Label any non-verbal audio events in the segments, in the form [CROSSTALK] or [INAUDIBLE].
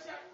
social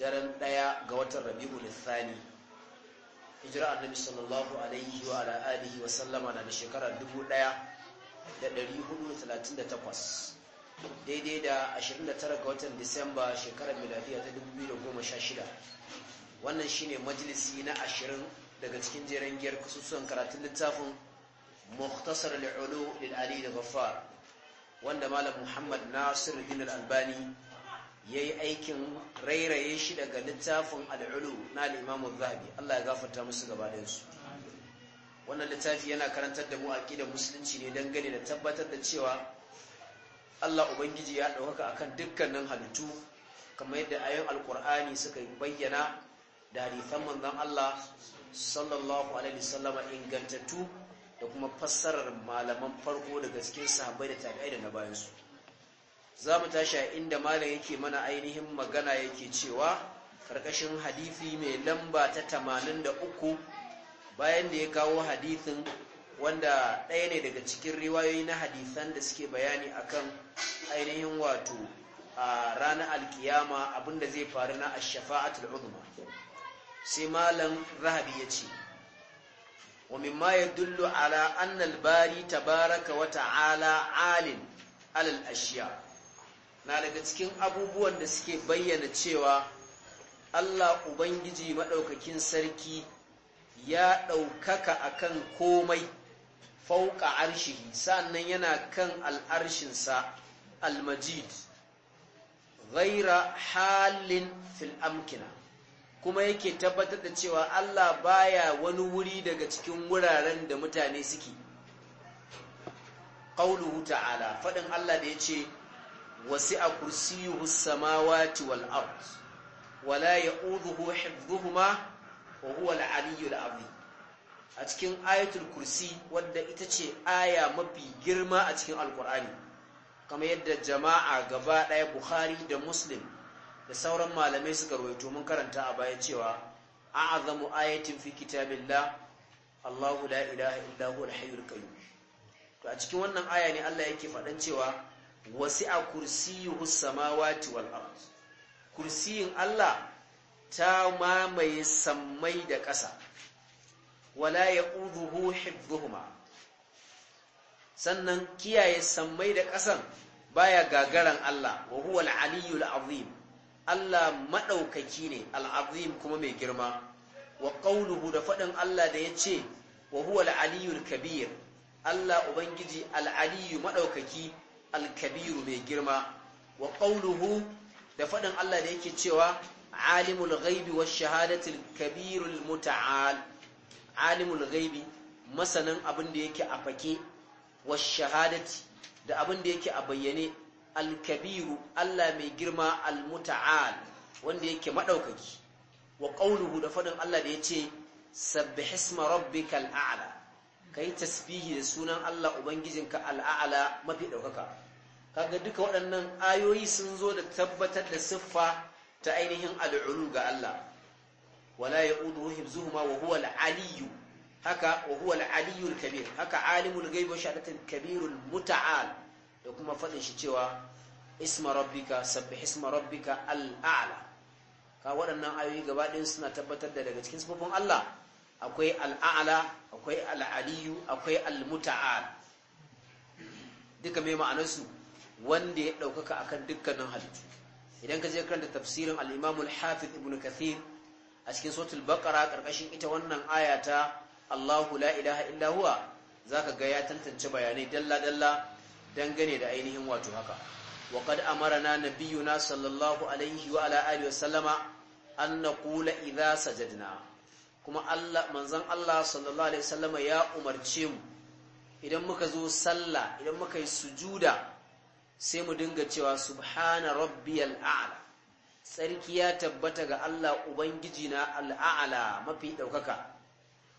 daren ɗaya ga watan rabi'ul thani hijira annabi sallallahu alaihi wa ala alihi wa sallama na da shekara 1438 daidai da 29 ga watan disamba shekarar miladiya ta 2016 wannan shine majalisi na 20 daga cikin jeren giyar kasusuwan karatun littafin muhtasar al'ulu lil'ali da ghaffar wanda malam muhammad nasir din al-albani ya yi aikin rairaye shi daga littafin al'ulu na al'imamu zahabi Allah ya gafarta musu gabaninsu wannan littafi yana karantar da mu aƙidar musulunci ne don gani da tabbatar da cewa Allah Ubangiji ya ɗaukaka akan dukkanin halittu kamar yadda ayin alƙur'ani suka bayyana da hadisan manzon Allah sallallahu alaihi wasallam ingantattu da kuma fassarar malaman farko daga cikin sahabbai da tabi'ai da na bayansu. za mu tashi a inda malam yake mana ainihin magana yake cewa ƙarƙashin hadithi mai lamba ta tamanin da uku bayan da ya kawo hadithin wanda ɗaya ne daga cikin riwayoyi na hadithan da suke bayani akan ainihin wato a ranar alkiyama abinda zai faru na ashafa'atul uzma sai malam rahabi ya ce wa ya yadullu ala anna albari tabaraka wata ala alin alal na daga cikin abubuwan da suke bayyana cewa Allah Ubangiji maɗaukakin sarki ya ɗaukaka akan komai fauka arshihi sannan yana kan al'arshinsa almajid ghaira halin fil amkina kuma yake tabbatar da cewa Allah baya wani wuri daga cikin wuraren da mutane suke ƙauluhu ta'ala faɗin Allah da ya ce wasi'a kursi samawati wal ard wala ya'uduhu hifdhuhuma wa huwa al aliyyul azim a cikin ayatul kursi wadda ita ce aya mafi girma a cikin alkur'ani kamar yadda jama'a gaba daya bukhari da muslim da sauran malamai suka rawaito mun karanta a baya cewa a'zamu ayatin fi kitabillah Allahu la ilaha illa huwa al-hayyul qayyum to a cikin wannan aya ne Allah yake fadan cewa wasi'a kursiyuhu samawati wal ard kursiyin Allah ta mamaye sammai da ƙasa wala ya'uduhu hibbuhuma sannan kiyaye sammai da ƙasan baya gagaran Allah wa huwa al-aliyyul azim Allah maɗaukaki ne al-azim kuma mai girma wa qawluhu da faɗin Allah da yace wa huwa al-aliyyul kabir Allah ubangiji al-aliyyu madaukaki alkabiru mai girma wa ƙauluhu da faɗin Allah da yake cewa alimul ghaibi wa shahadatul kabirul muta'al alimul ghaibi masanin abin da yake a fake wa shahadati da abin da yake a bayyane alkabiru Allah mai girma almuta'al wanda yake maɗaukaki wa ƙauluhu da faɗin Allah da ya ce sabbihisma rabbikal a'la ka yi tasbihi da sunan Allah Ubangijinka al'a'ala mafi ɗaukaka. Kaga duka waɗannan ayoyi sun zo da tabbatar da siffa ta ainihin al'ulu ga Allah. Wala ya ƙudu hibzuhuma wa huwa al'aliyu, haka wa huwa al'aliyul kabir, haka alimul gaibo shaɗatin kabirul muta'al da kuma faɗin shi cewa isma rabbika sabbi isma rabbika al'a'ala. Ka waɗannan ayoyi gaba ɗin suna tabbatar da daga cikin siffofin Allah akwai al'a'ala akwai al'aliyu akwai almuta'al duka mai ma'anarsu wanda ya ɗaukaka akan dukkanin halittu idan ka je karanta tafsirin alimamul imamul hafiz ibn kathir a cikin suratul bakara karkashin ita wannan aya ta Allahu la ilaha illa huwa zaka ga ya tantance bayanai dalla dalla dangane da ainihin wato haka wa qad amarna nabiyuna sallallahu alaihi wa ala alihi wa sallama an naqula sajadna kuma Allah manzon Allah sallallahu alaihi wasallama ya umarce mu idan muka zo sallah idan muka yi sujuda sai mu dinga cewa subhana rabbiyal a'la sarki ya tabbata ga Allah ubangiji na al'a'la mafi daukaka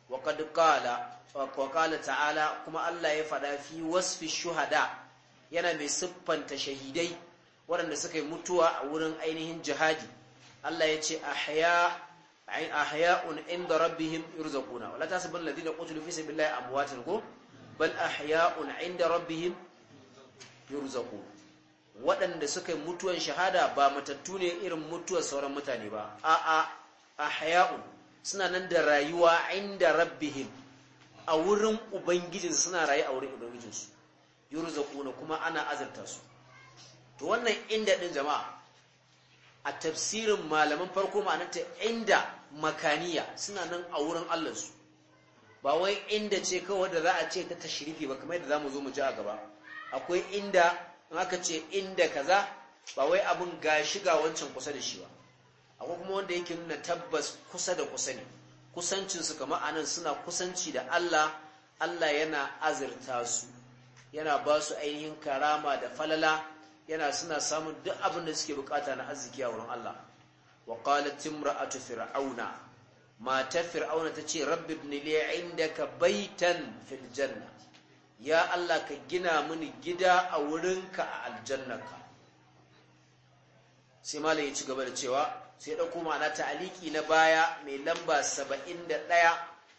wa qad qala wa qala ta'ala kuma Allah ya fada fi wasfi shuhada yana mai siffanta shahidai waɗanda suka yi mutuwa a wurin ainihin jihadi Allah ya ce ahya ay ahya'un inda rabbihim yurzaquna wala tasbun ladina qutilu fi sabilillahi amwatun ko bal ahya'un inda rabbihim yurzaqun waɗanda suka mutuwan shahada ba matattu ne irin mutuwar sauran mutane ba a'a ahya'un suna nan da rayuwa inda rabbihim a wurin ubangijin suna rayu a wurin ubangijinsu yurzaquna kuma ana azarta su to wannan inda din jama'a a tafsirin malaman farko ma'anarta inda makaniya suna nan a wurin allansu ba wai inda ce kawai da za a ce ta tashirifi ba kamar yadda za mu zo mu ji a gaba akwai inda in aka ce inda kaza ba wai abin ga shiga wancan kusa da shi ba akwai kuma wanda yake nuna tabbas kusa da kusa ne kusancinsu kamar anan suna kusanci da Allah Allah yana azurta su yana ba su ainihin karama da falala yana suna samun duk abin da suke bukata na arziki a wurin Allah wa qalat imra'atu fir'auna matar fir'auna tace rabbi ibn li indaka baitan fil janna ya Allah ka gina mini gida a wurinka a aljannaka sai malam ya ci gaba da cewa sai dauko ma'ana ta'aliki na baya mai lamba 71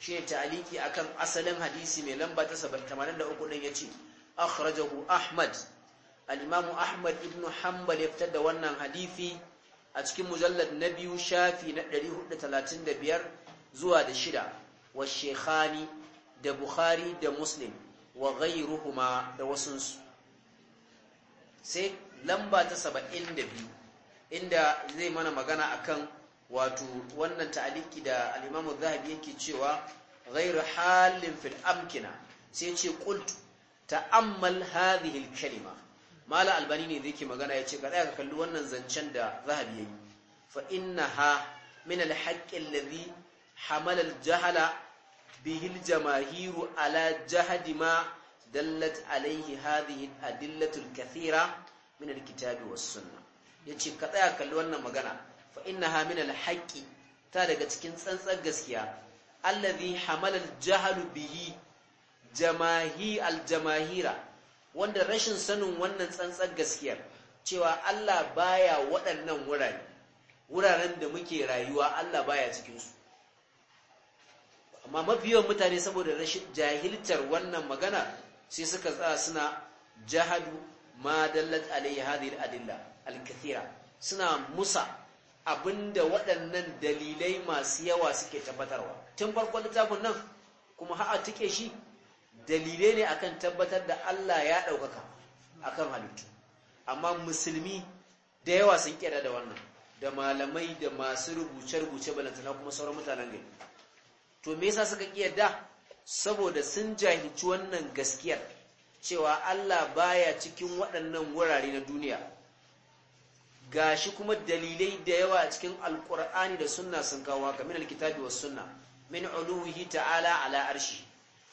shine ta'aliki akan asalin hadisi mai lamba ta 83 din yace akhrajahu ahmad al ahmad ibn hanbal ya fitar da wannan hadisi a cikin mujallar na biyu shafi na 435 zuwa da shida wa shekhani da bukhari da muslim wa ghairuhuma da wasunsu sai lamba ta 72 inda zai mana magana akan wato wannan ta'aliki da alimamu zahabi yake cewa ghairu halin fil amkina sai ce qultu ta'ammal hadhihi al-kalima mala albani ne da yake magana ya ce ka tsaya ka kalli wannan zancen da zahabi ya yi fa inna ha min alhaƙin lazi hamalar jahala bihil jamahiru ala jahadi ma dallat alaihi hadhihi adillatul kathira min alkitabi was sunna yace ka tsaya kalli wannan magana fa ha min alhaqi ta daga cikin tsantsar gaskiya allazi hamala jahalu bihi jamahi aljamahira wanda rashin sanin wannan tsantsar gaskiyar cewa Allah baya waɗannan wurare wuraren da muke rayuwa Allah baya cikinsu amma mafi yawan mutane saboda rashin jahiltar wannan magana sai suka tsaya suna jahadu ma dallat alaihi hadhihi al-adilla al-kathira suna musa abinda waɗannan dalilai masu yawa suke tabbatarwa tun farkon littafin nan kuma ha'a tike shi dalilai ne akan tabbatar da Allah ya ɗaukaka akan halittu amma musulmi da yawa sun kera da wannan da malamai da masu rubuce-rubuce balantana kuma sauran mutanen gari to me yasa suka kiyarda saboda sun jahilci wannan gaskiyar cewa Allah baya cikin waɗannan wurare na duniya gashi kuma dalilai da yawa cikin alkur'ani da sunna sun kawo kamar alkitabi was sunna min uluhi ta'ala ala arshi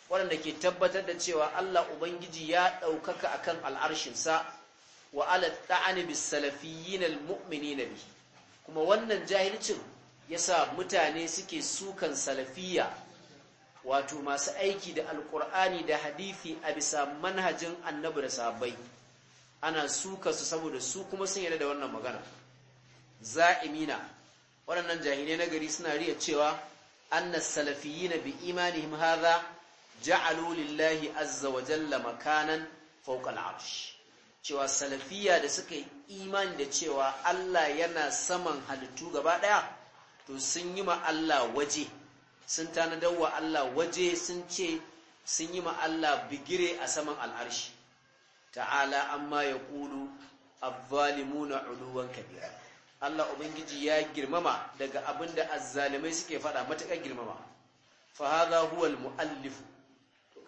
waɗanda ke tabbatar da cewa Allah Ubangiji ya ɗaukaka akan al'arshinsa wa ala ta'ani bis salafiyyin na bihi kuma wannan jahilcin ya sa mutane suke sukan salafiya, wato masu aiki da Alƙur'ani da hadisi a bisa manhajin annabi da sabai ana suka su saboda su kuma sun yarda da wannan magana za'imina waɗannan jahilai na gari suna riya cewa annas salafiyina bi imanihim hadha ja'alu lillahi azza wa jalla makanan fawqa al'arsh cewa salafiya da suka yi imani da cewa Allah yana saman halittu gaba daya to sun yi ma Allah waje sun tanadar wa Allah waje sun ce sun yi ma Allah bigire a saman al'arshi ta'ala amma ya kulu azzalimuna uluwan kabira Allah ubangiji ya girmama daga abinda azzalimai suke fada matakan girmama fa hadha huwa al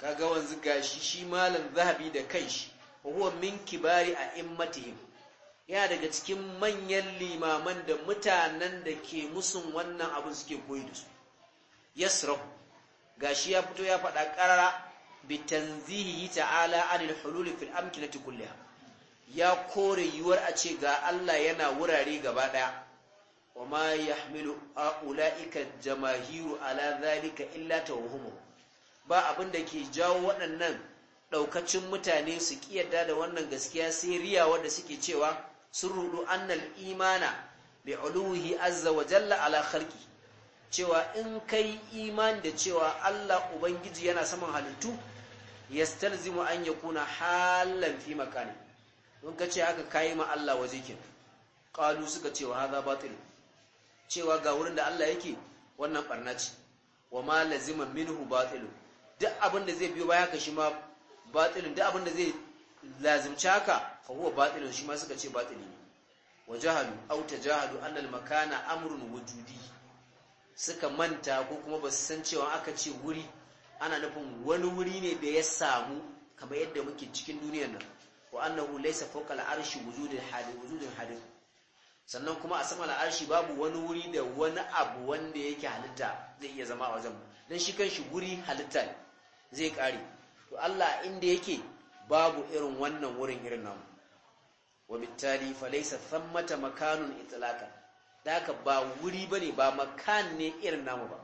kaga wanzu gashi shi malam zahabi da kanshi huwa min kibari a immatihim ya daga cikin manyan limaman da mutanen da ke musun wannan abu suke koyi da su yasrahu gashi ya fito ya faɗa ƙarara bi tanzihi ta'ala anil hulul fil amkinati kulliha ya kore yuwar a ce ga Allah yana wurare gaba daya wa ma yahmilu ulaika jamahiru ala zalika illa tawhumu ba abin da ke jawo waɗannan ɗaukacin mutane su ƙiyarda da wannan gaskiya sai riya wadda suke cewa sun rudu annal imana bi uluhi azza wa jalla ala khalqi cewa in kai iman da cewa Allah ubangiji yana saman halittu yastalzimu an yakuna halan fi makani don ka ce haka kai ma Allah waje ke, qalu suka ce wa hadha batil cewa ga wurin da Allah yake wannan barna wa ma lazima minhu batilu duk abin da zai biyo baya ka shi ma batilin duk abin da zai lazimci haka fa huwa batilin shi ma suka ce batili ne wa jahalu aw tajahalu an al makana amrun wujudi suka manta ko kuma ba su san cewa aka ce wuri ana nufin wani wuri ne da ya samu kamar yadda muke cikin duniyar nan wa annahu laysa fawqa al arshi wujudun hadith wujudun hadith sannan kuma a sama al'arshi babu wani wuri da wani abu wanda yake halitta zai iya zama a wajen Dan shi kan shi wuri halitta ne zai kare to Allah inda yake babu irin wannan wurin irin namu wabittali falaisa thammata makanun itlaka daka ba wuri bane ba makan ne irin namu ba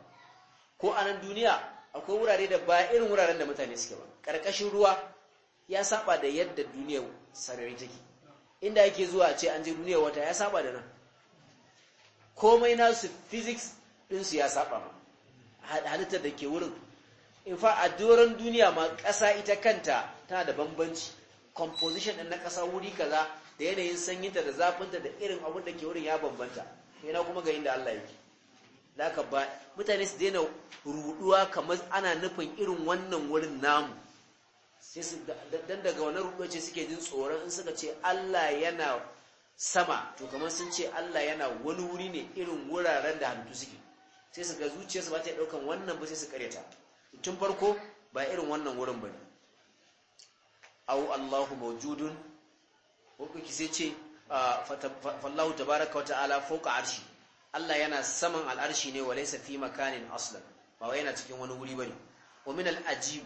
ko a nan duniya akwai wurare da ba irin wuraren da mutane suke ba karkashin ruwa ya saba da yadda duniyar sarari take inda yake zuwa ce an je duniyar wata ya saba da nan komai nasu physics ɗinsu ya saba ma halittar da ke wurin in fa a doron duniya ma ƙasa ita kanta tana da bambanci composition ɗin na ƙasa wuri kaza da yanayin sanyinta da zafinta da irin abin da ke wurin ya bambanta na kuma ga inda Allah yake laka ba mutane su daina ruduwa kamar ana nufin irin wannan wurin namu sai su dan daga wannan ruduwa ce suke jin tsoron in suka ce Allah yana sama to kamar sun ce Allah yana wani wuri ne irin wuraren da hantu suke sai su ga zuciyarsu ba ta daukan wannan ba sai su karyata tun farko ba irin wannan wurin bane au Allahu mawjudun ko sai ce fallahu tabaraka wata'ala fawqa arshi Allah yana saman al'arshi ne walaysa fi makani aslan ba wai yana cikin wani wuri bane wa min al-ajib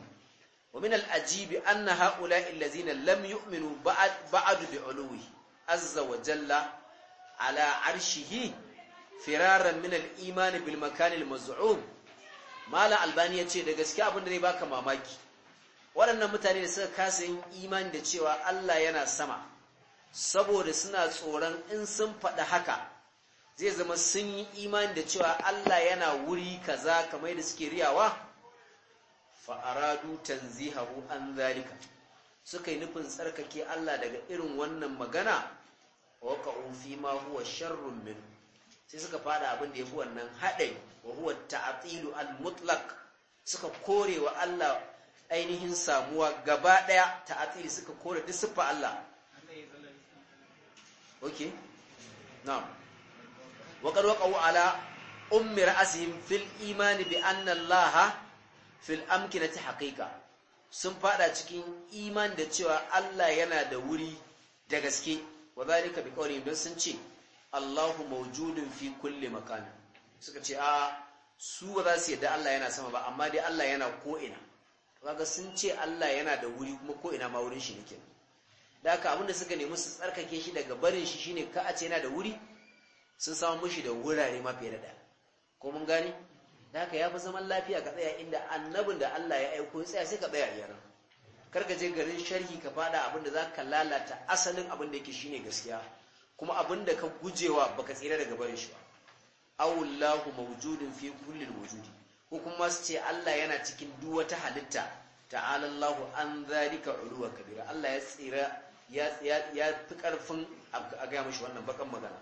wa min al-ajib anna ha'ula'i allazina lam yu'minu ba'd ba'd bi'uluwi azza wa jalla ala arshihi firaran min al-iman bil makan al malam albani ya ce da gaske abin da zai baka mamaki waɗannan mutane da suka kasa yin imani da cewa Allah yana sama saboda suna tsoron in sun faɗi haka zai zama sun yi imani da cewa Allah yana wuri kaza kamar da suke riyawa fa'aradu tanzihahu an zalika suka yi nufin tsarkake Allah daga irin wannan magana wa ka'ufi ma huwa sharrun min sai suka faɗa abinda ya fi wannan haɗari wa huwa ta'tilu al-mutlaq suka kore wa Allah ainihin samuwa gaba daya ta'tili suka kore duk siffa Allah okay na'am wa qad waqa'u ala ummi ra'asihim fil iman bi anna Allah fil amkinati haqiqa sun fada cikin iman da cewa Allah yana da wuri da gaske wa zalika bi qawli don sun ce Allahu mawjudun fi kulli makanin suka ce a su ba za su yadda Allah yana sama ba amma dai Allah yana ko'ina kaga sun ce Allah yana da wuri kuma ko'ina ma wurin shi nake da haka abinda suka nemi su tsarkake shi daga barin shi shine ka a ce yana da wuri sun samu mushi da wurare ma fiye da ɗaya ko mun gani? da haka ya fi zaman lafiya ka tsaya inda annabin da Allah ya aiko ya tsaya sai ka tsaya a kar ka je garin sharhi ka fada abin da za ka lalata asalin abin da yake shine gaskiya kuma abin da ka gujewa baka tsira daga barin shi ba awullahu mawjudin fi kulli wujudi ko kuma su ce Allah yana cikin duk wata halitta ta'ala Allahu an zalika uluwa kabira Allah ya tsira ya fi karfin a ga mishi wannan bakan magana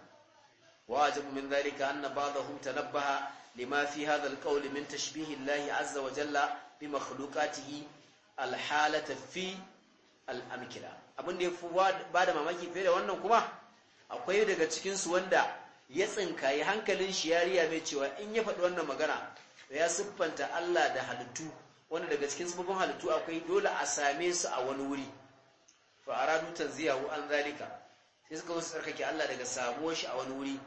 wa ajabu min zalika anna ba'dahu tanabbaha lima fi hadha alqawl min tashbih Allah azza wa jalla bi makhluqatihi alhalata fi al'amkila abin da ya fi ba da mamaki fiye da wannan kuma akwai daga cikinsu wanda ya tsinkayi hankalin shi ya riya mai cewa in ya faɗi wannan magana to ya siffanta Allah da halittu wanda daga cikin sababbin halittu akwai dole a same su a wani wuri fa aradu tanziyahu an zalika sai suka wasu tsarkake Allah daga samuwar shi a wani wuri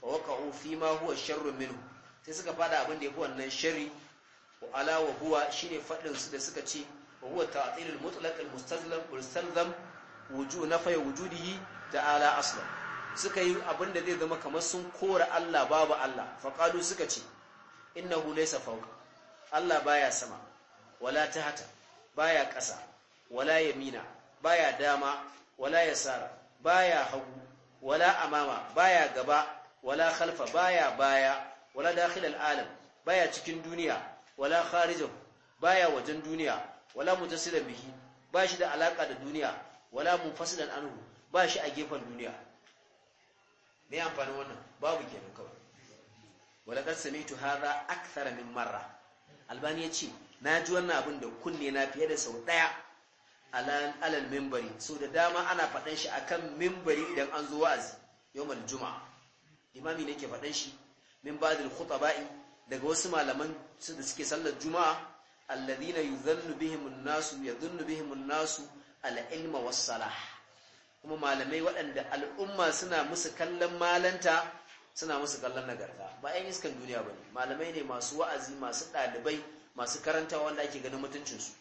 fa waqa'u fi ma huwa sharrun minhu sai suka fada abin da yafi wannan sharri wa ala wa huwa shine fadin su da suka ce wa huwa ta'til mutlaq al mustazlam mustanzam wujudihi ta'ala suka yi abin da zai zama kamar sun kora Allah babu Allah faƙalu suka ce inna laysa fawqa Allah baya sama wala hata, baya ƙasa wala yamina baya dama wala yasara baya hagu wala amama baya gaba wala khalfa baya baya wala dakhil alam baya cikin duniya wala kharijahu baya wajen duniya wala mutassilan bihi ba shi da alaka da duniya wala munfasilan anhu ba shi a gefen duniya me amfanin wannan babu kenan kawai wala kad samitu hadha akthara min marra albani ya ce na ji wannan abin da kunne na fiye da sau daya alal mimbari. so da dama ana faɗan shi akan mimbari idan an zo wa'azi yawmal juma'a imami ne ke faɗan shi min ba'dil khutaba'i daga wasu malaman da suke sallar juma'a alladhina yudhannu bihim an-nasu yadhunnu bihim an-nasu al-ilma was-salah kuma malamai waɗanda al'umma suna musu kallon malanta suna musu kallon nagarta ba 'yan iskan duniya ba ne malamai ne masu wa'azi masu ɗalibai masu karantawa wanda ake ganin mutuncinsu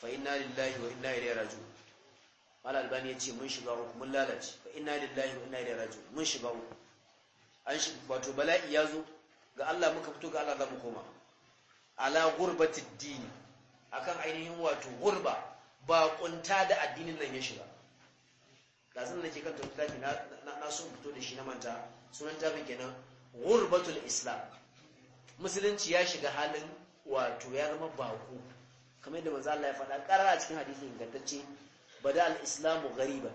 fa inna lillahi wa inna ilaihi raji'un mal albani ya ce mun shiga uku mun lalace fa inna lillahi wa inna ilaihi raji'un mun shiga uku an shi wato bala'i ya zo ga Allah muka fito ga Allah za mu koma ala gurbatid dini akan ainihin wato gurba ba kunta da addinin nan ya shiga lazin da ke kan tafi na sun fito da shi na manta sunan tafi kenan gurbatul islam musulunci ya shiga halin wato ya zama baku kamar yadda manzo Allah ya faɗa karara a cikin hadisi ingantacce bada al-islamu ghariba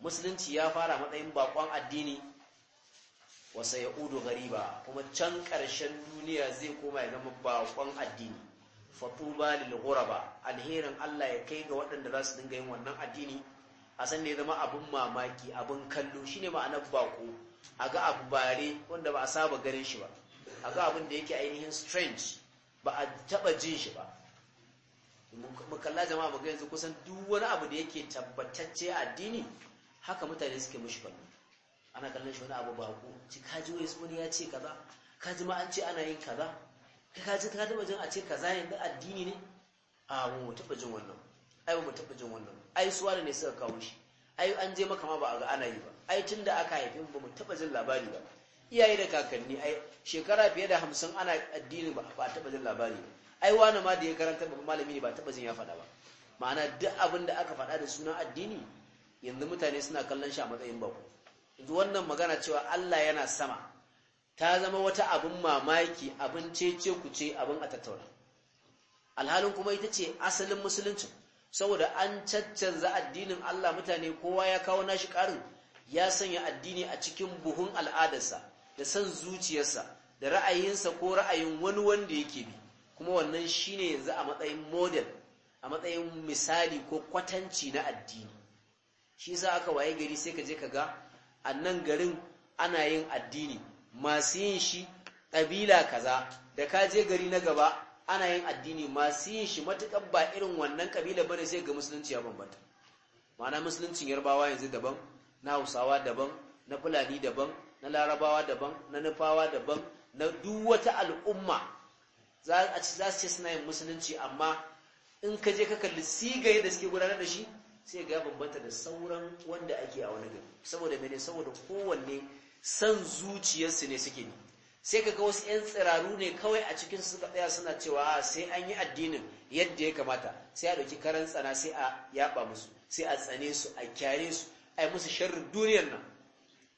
musulunci ya fara matsayin bakon addini wa sayaudu ghariba kuma can karshen duniya zai koma ya zama bakon addini fatuba lil ghuraba alherin Allah ya kai ga waɗanda za su dinga yin wannan addini a san da ya zama abin mamaki abin kallo shine ma'anar bako a ga abu bare wanda ba a saba ganin shi ba a ga abin da yake ainihin strange ba a taba jin shi ba makalla jama'a ba yanzu kusan duk wani abu da yake tabbatacce addini haka mutane suke mushi kallo ana kallon shi wani abu bako ci kaji wani ya ce kaza kaji ma an ce ana yin kaza ka kaji ka taba jin a ce kaza yanzu addini ne a mu taba jin wannan ai mu taba jin wannan ai suwa ne suka kawo shi ai an je maka ma ba a ga ana yi ba ai tun da aka haifi ba mu taɓa jin labari ba iyaye da kakanni ai shekara fiye da hamsin ana addini ba a taɓa jin labari ba ai wani ma da ya karanta babban malami ne ba taɓa jin ya faɗa ba ma'ana duk abin da aka faɗa da sunan addini yanzu mutane suna kallon shi a matsayin bako yanzu wannan magana cewa Allah yana sama ta zama wata abin mamaki abin cece ce, abin a tattauna alhalin kuma ita ce asalin musuluncin saboda an caccanza addinin Allah mutane kowa ya kawo nashi karin ya sanya addini a cikin buhun al'adarsa da san zuciyarsa da ra'ayinsa ko ra'ayin wani wanda yake bi kuma wannan shine yanzu a matsayin model a matsayin misali ko kwatanci na addini shi yasa aka waye gari sai ka je ka ga a nan garin ana yin addini masu yin shi ƙabila kaza da ka je gari na gaba ana yin addini masu yin shi matuƙar ba irin wannan ƙabila bane sai ga musulunci ya bambanta ma'ana musuluncin yarbawa yanzu daban na hausawa daban na fulani daban na larabawa daban na nufawa daban na duk wata al'umma za su ce suna yin musulunci amma in ka je ka kalli sigaye da suke gudanar da shi sai ga bambanta da sauran wanda ake a wani gari saboda mene saboda kowanne san zuciyarsu ne suke ne sai kaga wasu 'yan tsiraru ne kawai a cikin suka tsaya suna cewa ah, sai an yi addinin yadda ya kamata sai a ɗauki karan tsana sai a yaba musu sai a tsane su a kyare su a yi musu sharri duniyar nan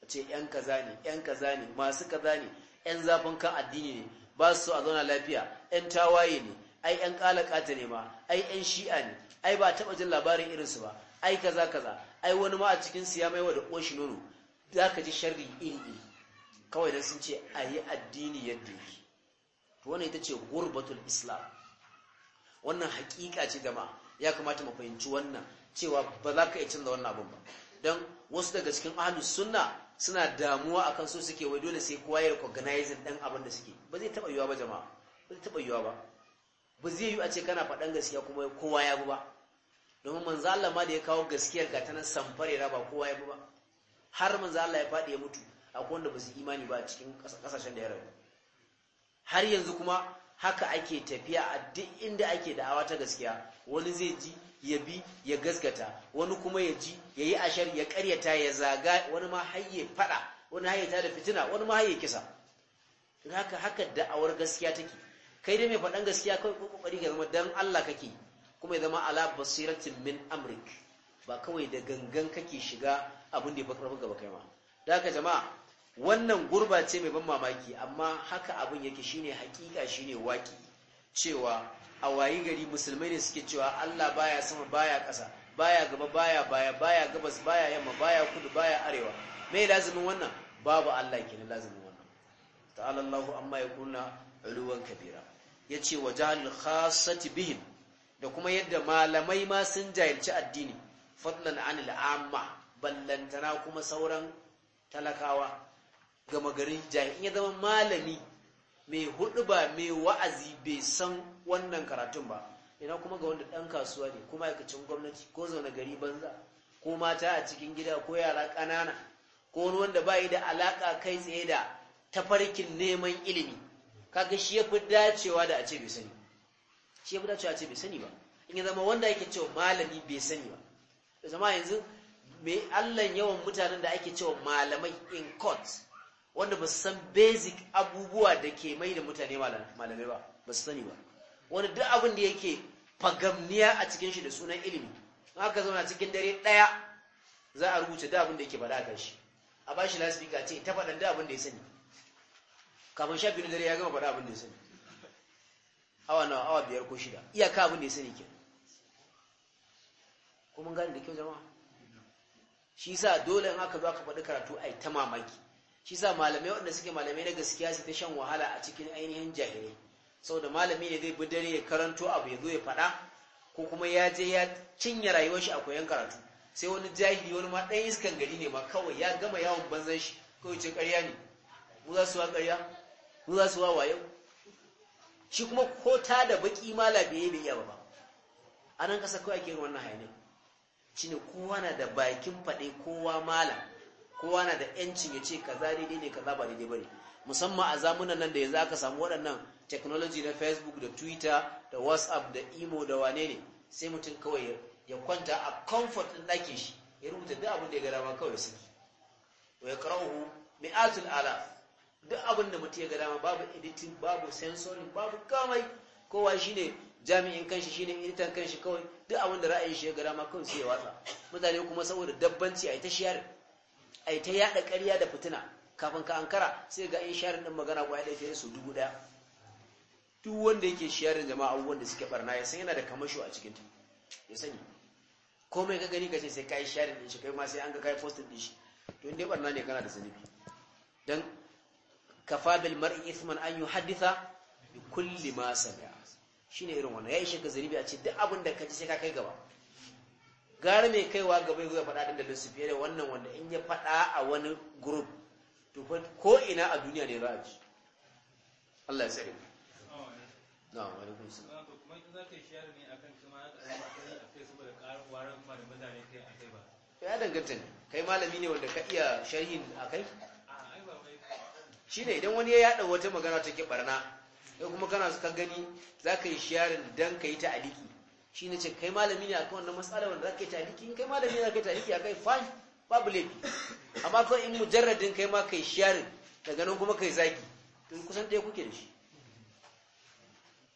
a ce 'yan kaza ne 'yan kaza ne masu kaza ne 'yan zafin kan addini ne ba su a zauna lafiya 'yan tawaye ne ai 'yan kalakata ne ma ai 'yan shi'a ne ai ba taɓa jin labarin irin su ba ai kaza kaza ai wani ma a cikin su ya maiwa da ƙoshi nono za ka ji sharri iri iri kawai na sun ce a yi addini yadda yake to wannan ita ce gurbatul islam wannan hakika ce gama ya kamata mu fahimci wannan cewa ba za ka iya canza wannan abin ba don wasu daga cikin ahlus sunna suna damuwa akan so suke wai dole sai kowa ya recognizing dan abin da suke ba zai taba yiwa ba jama'a ba zai taba yiwa ba ba zai yi a ce kana faɗan gaskiya kuma kowa ya bi ba domin manzo ma da ya kawo gaskiyar ga tanan samfare ba kowa ya bi ba har manzo Allah ya faɗi ya mutu akwai wanda ba su imani ba a cikin kasashen da ya rabu har yanzu kuma haka ake tafiya a duk inda ake da'awa ta gaskiya wani zai ji ya bi ya gasgata, wani kuma ya ji ya yi ashar ya karyata ya zaga wani ma hayye fada wani hayye ta da fitina wani ma hayye kisa haka haka da'awar gaskiya take kai dai mai faɗan gaskiya kawai kokari ga zama dan Allah kake kuma ya zama ala basiratin min amrik ba kawai da gangan kake shiga abin da ya bakar gaba kai ma da haka jama'a wannan gurba ce mai ban mamaki amma haka abin yake shine hakika shine waki cewa a wayi gari musulmai ne suke cewa Allah baya sama baya ƙasa baya gaba baya baya baya gabas baya yamma baya kudu baya arewa me lazumin wannan babu Allah kenan lazimin wannan ta'ala Allahu amma yakuna uluwan kabira yace wa jahal khassati bihim da kuma yadda malamai ma sun jahilci addini fadlan anil amma ballantana kuma sauran talakawa gama garin jahil ya zama malami mai hudu ba mai wa'azi bai san wannan karatun ba ina kuma ga wanda dan kasuwa ne kuma aikacin gwamnati ko zaune gari banza ko mata a cikin gida ko yara ƙanana ko wani wanda bai da alaka kai tsaye da tafarkin neman ilimi kaga shi yafi dacewa da a ce bai sani ba in ya zama wanda cewa malami bai sani ba zama yanzu mai allan yawan mutanen da ake cewa malamai in court wanda ba su san basic abubuwa da ke mai da mutane malamai ba ba su sani ba wanda duk abin da yake fagamniya a cikin shi da sunan ilimi ka zauna cikin dare ɗaya za a rubuta duk abin da yake faɗa kan shi a ba shi lasifika ce ta faɗin duk abin da ya sani kafin sha biyu dare ya gama faɗa abin da ya sani awa nawa awa biyar ko shida iyaka abin da ya sani ke kuma gani da kyau jama'a shi sa dole in aka zo aka faɗi karatu ai ta mamaki shi sa malamai waɗanda suke malamai na gaskiya su ta shan wahala a cikin ainihin jahili saboda malami ne zai bi dare ya karanto abu ya zo ya faɗa ko kuma ya je ya cinye rayuwar shi a koyon karatu sai wani jahili wani ma ɗan iskan gari ne ma kawai ya gama yawon banzan shi kawai ce ƙarya ne mu za su wa ƙarya mu za su wa wayo shi kuma ko ta da baki malabi ya bai iya ba a nan ƙasa kawai ake wannan hayaniya shine kowa na da bakin faɗe kowa malam kowa na da yancin ya ce kaza daidai ne kaza ba daidai bane musamman a zamunan nan da yanzu aka samu waɗannan technology na facebook da twitter da whatsapp da imo da wane ne sai mutum kawai ya kwanta a comfort ɗin ɗakin shi ya rubuta duk abin da ya ga dama kawai su wa ya mai mi'atul ala duk abin da mutum ya ga dama babu editing babu censoring babu kamai kowa shine jami'in kanshi shine editan kanshi kawai duk abin da ra'ayin shi ya ga dama kawai sai ya watsa mutane kuma saboda dabbanci a ita shiyar ai ta yada ƙarya da fitina kafin ka ankara sai ga in sharin din magana ko ya fiye su dubu ɗaya duk wanda yake sharin jama'a abubuwan da suke barna ya san yana da kamasho a cikin ta ya sani komai ka gani ka ce sai kai sharin din shi kai ma sai an ga kai postin din shi to inda barna ne kana da zanibi dan kafa bil mar'i ithman an yuhaddisa bi kulli ma sami'a shine irin wannan ya ishe ka zanibi a ce duk abin da ka ji sai ka kai gaba gara mai kaiwa gaba ya faɗa ɗin da lissu fiye da wannan wanda in ya faɗa a wani group to fa ko ina a duniya ne za a ji Allah ya tsare na wa alaikum sun kuma in za ka yi share ne akan kuma a kai saboda karin waran kuma da mutane kai a kai ba ya danganta ne kai malami ne wanda ka iya sharhin a kai shi idan wani ya yaɗa wata magana ta barna kai kuma kana ka gani za ka yi shiyarin don ka yi ta aliki shi ne ce kai malami ne kan wannan matsala wanda za ka yi tariki in kai malami ne za ka yi tariki a kai fine babu laifi amma kan in mujarradin kai ma kai sharing daga nan kuma kai zagi to kusan ɗaya kuke da shi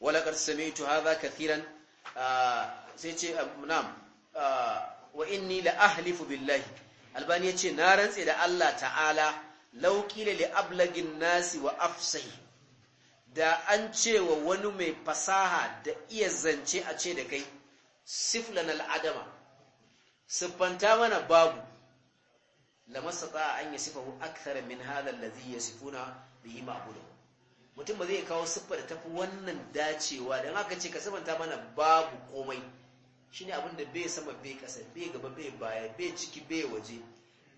wala kar sami'tu hadha kathiran ah, sai ce nam ah, wa inni la ahlifu billahi albani yace na rantse da Allah ta'ala lauki li ablagin nasi wa afsahi da an cewa wani mai fasaha da iya zance a ce da kai siflan al'adama siffanta mana babu lamasa za an yi sifahu akthara min hadal ladhi da yi ma'abudu mutum ba zai kawo siffar da tafi wannan dacewa dan haka ce ka siffanta mana babu komai ne abin da bai sama bai kasa bai gaba bai baya bai ciki bai waje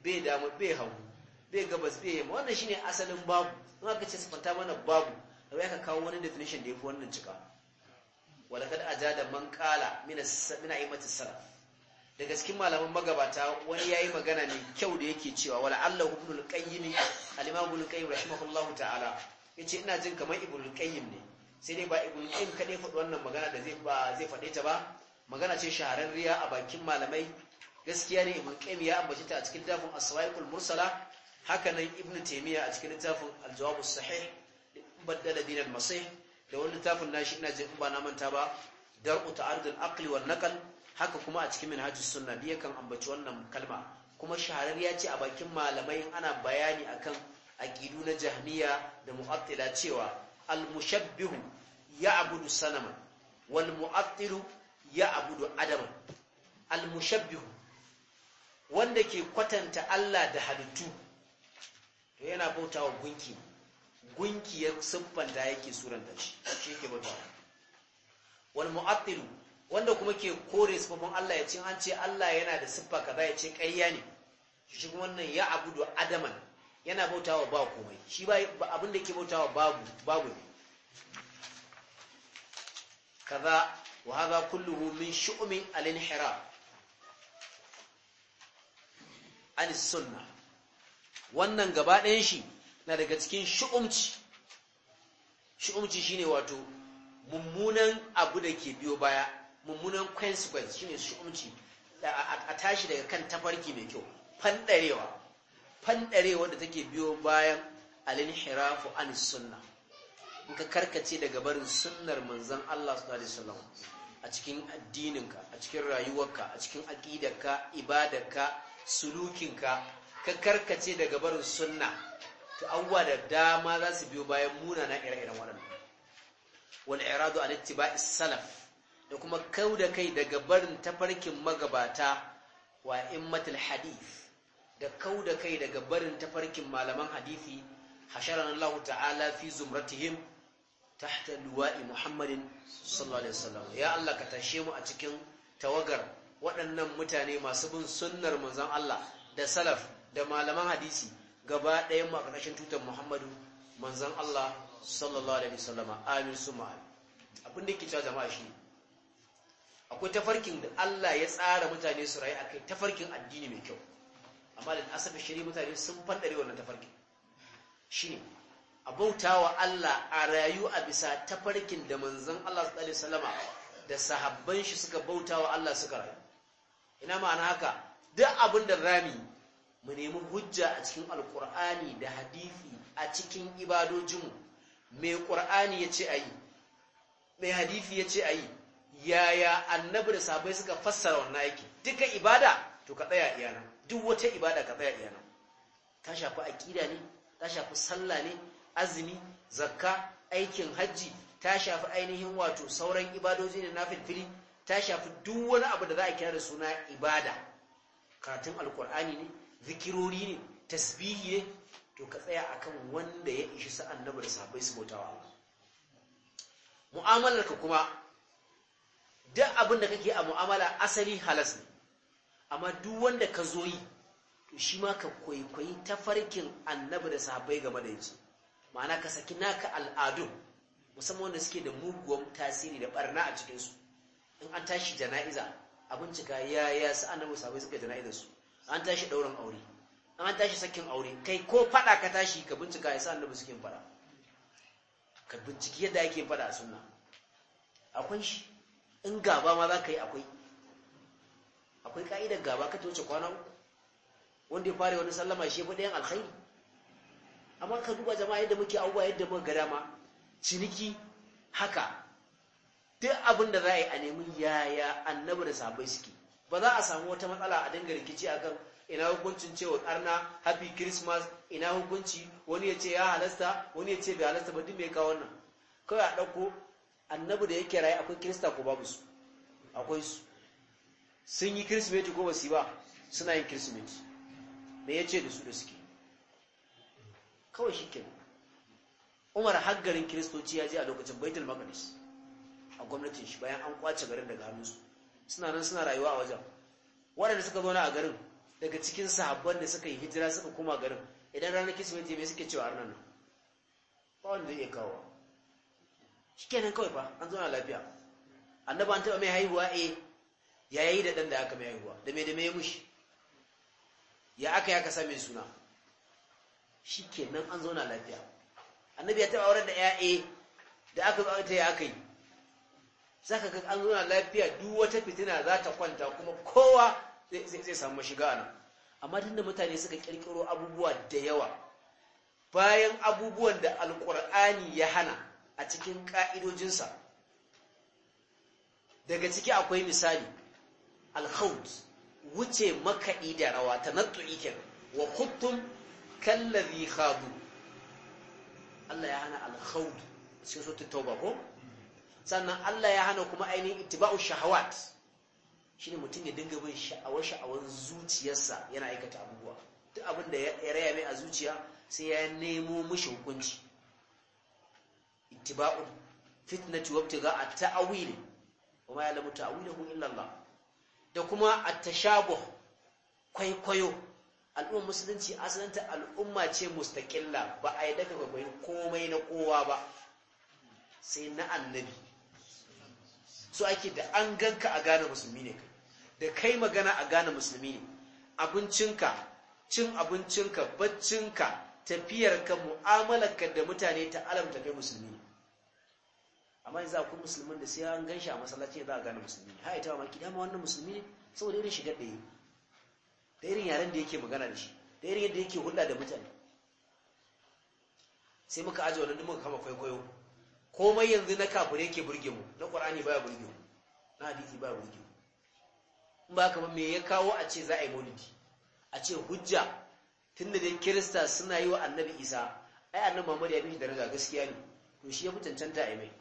bai damu bai hagu bai gabas bai yamma wannan shi ne asalin babu in haka ce siffanta mana babu wai ka kawo wani definition da ya fi wannan cika wala a ajada man kala mina yi aimati salaf daga cikin malamin magabata wani ya yi magana ne kyau da yake cewa wala allahu ibn al-qayyim al-imam ibn qayyim rahimahullahu ta'ala yace ina jin kamar ibn qayyim ne sai dai ba ibn qayyim kade faɗi wannan magana da zai ba zai faɗe ta ba magana ce shahararriya a bakin malamai gaskiya ne ibn qayyim ya ambace ta a cikin dafin as mursala haka nan ibn taymiya a cikin littafin aljawabu jawab as-sahih baddala dinal masih da wani littafin nashi ina jin in ba na manta ba uta ta'arudul aqli wal naql haka kuma a cikin minhajus sunna da yakan ambaci wannan kalma kuma shaharar ya ce a bakin malamai ana bayani akan aqidu na jahmiya da mu'attila cewa al mushabbihu ya'budu sanaman wal mu'attilu ya'budu adaman al mushabbihu wanda ke kwatanta Allah da halittu to yana bautawa gunki gunki ya siffanta yake suranta shi shi yake wal mu'attilu wanda kuma ke kore siffofin Allah ya ce an ce Allah yana da siffa kaza ya ce kayya ne shi kuma wannan ya abudu adaman yana bautawa ba komai shi ba abin da ke bautawa babu babu ne kaza wa hada kulluhu min shu'min al-inhiraf an sunna wannan gaba ɗayan shi na daga cikin shu'umci shu'umci shine wato mummunan abu da ke biyo baya mummunan consequence shine shu'umci a tashi daga kan tafarki mai kyau fandarewa fandarewa da take biyo bayan al-inhirafu an sunna in ka karkace daga barin sunnar manzon Allah sallallahu alaihi a cikin addininka a cikin rayuwarka a cikin aqidarka ibadarka sulukinka ka karkace daga barin sunna to abubuwa da dama za su biyo bayan munana ire-iren waɗannan wani iradu a littiba salaf da kuma kau da kai daga barin tafarkin magabata wa immatul hadith da kau da kai daga barin tafarkin malaman hadithi hasharan Allah ta'ala fi zumratihim tahta luwa'i Muhammadin sallallahu alaihi ya Allah ka tashe mu a cikin tawagar waɗannan mutane masu bin sunnar manzon Allah da salaf da malaman hadisi gaba ma makarashin tutar muhammadu manzan Allah sallallahu alaihi wasallama amin su ma'al abin da yake cewa jama'a shi akwai tafarkin da Allah ya tsara mutane su rayu akai tafarkin addini mai kyau amma da asabi shiri mutane sun fadare wannan tafarkin shine a bautawa Allah a rayu a bisa tafarkin da manzan Allah sallallahu alaihi wasallama da sahabban shi suka bautawa Allah suka rayu ina ma'ana haka duk abin da rami mu nemi hujja a cikin alkur'ani da hadithi a cikin ibadojinmu mai ƙur'ani ya ce a yi mai hadithi ya ce a yi yaya annabi da sabai suka fassara wannan aiki duka ibada to ka tsaya iyana duk wata ibada ka tsaya iyana ta shafi aƙida ne ta shafi sallah ne azumi zakka aikin hajji ta shafi ainihin wato sauran ibadoji ne na filfili ta shafi duk wani abu da za a kira da suna ibada karatun alkur'ani ne zikirori ne tasbihi ne to ka tsaya akan wanda ya ishi sa'an nabar sahabbai su bautawa mu'amalar ka kuma duk abin da kake a mu'amala asali halas ne amma duk wanda ka zo yi to shi ma ka kwaikwayi ta farkin annabi da sahabbai game da yanzu ma'ana ka saki naka al'adun musamman wanda suke da muguwan tasiri da barna a cikinsu in an tashi jana'iza cika ya ya su annabi sahabbai suka jana'izarsu an tashi ɗaurin aure an tashi sakin aure kai ko faɗa ka tashi ka bincika ya sa annabi suke faɗa ka binciki yadda yake faɗa a sunna akwai shi in gaba ma za ka yi akwai akwai ka'idar gaba ka toce kwana uku wanda ya fara wani sallama shi ya faɗi yan alkhairi amma ka duba jama'a yadda muke abubuwa yadda muka gada ma? ciniki haka duk abin da za a yi a nemi yaya annabi da sahabbai suke ba za a samu wata matsala a dinga rikici akan ina hukuncin cewa 'Karna, happy christmas ina hukunci wani ya ce ya halasta wani ya ce bai halasta ba duk mai kawo wannan kawai a ɗauko annabi da yake raye akwai kirista ko babu su akwai su sun yi kirsimeti ko basu yi ba suna yin kirsimeti me ya ce da su da suke kawai shi ke umar haggarin kiristoci ya je a lokacin baitul maqdis a gwamnatin shi bayan an kwace garin daga su. suna nan suna rayuwa a wajen waɗanda suka zauna a garin daga cikin sahabban da suka yi hijira suka koma garin idan ranar kisimin mai suke cewa har nan ba wanda zai iya kawo shikenan kawai fa an zauna lafiya annaba an taɓa mai haihuwa eh ya yi da ɗan da aka mai haihuwa da mai da mai mushi ya aka ya kasa mai suna shikenan an zauna lafiya annabi ya taɓa wurin da ya eh da aka zo ta ya aka yi Zaka ga an zauna lafiya duk wata fitina za ta kwanta kuma kowa zai samu shiga nan amma tunda mutane suka kirkiro abubuwa da yawa bayan abubuwan da alkur'ani ya hana a cikin ƙa'idojinsa daga ciki akwai misali alhaut wuce makaɗi da rawa ta nattu ikin wa kuttun kallazi khadu Allah ya hana alhaut cikin sautin tauba ko sannan Allah ya hana kuma ainihin ittiba'u shahawat shine mutum ya dinga bin sha'awar sha'awar zuciyarsa yana aikata abubuwa duk abin da ya raya mai a zuciya sai ya nemo mishi hukunci ittiba'u fitnati wa ibtigha'a ta'wil wa ma ya'lamu ta'wilahu illa Allah da kuma at-tashabuh kwaikwayo al'ummar musulunci asalinta al'umma ce mustaqilla ba a yi daga kwaikwayin komai na kowa ba sai na annabi so ake da an ganka a gane musulmi ne da kai magana a gane musulmi ne abincinka cin abincinka baccinka tafiyarka mu'amalarka da mutane ta alamta kai musulmi ne amma yanzu akwai musulmin da sai an gan a masallaci za a gane musulmi ne haita ma ki dama wannan musulmi ne saboda irin shigar da yi da irin yaren da yake magana da shi da irin yadda yake hulɗa da mutane sai muka aje wannan muka kama kwaikwayo komai yanzu na kafure ke burge mu na qur'ani baya burge mu na hadisi baya burge mu in ba haka ba me ya kawo a ce za a yi maulidi a ce hujja tunda da kirista suna yi wa annabi isa ai annabi muhammad ya bi daraja gaskiya ne to shi ya fi cancanta a yi mai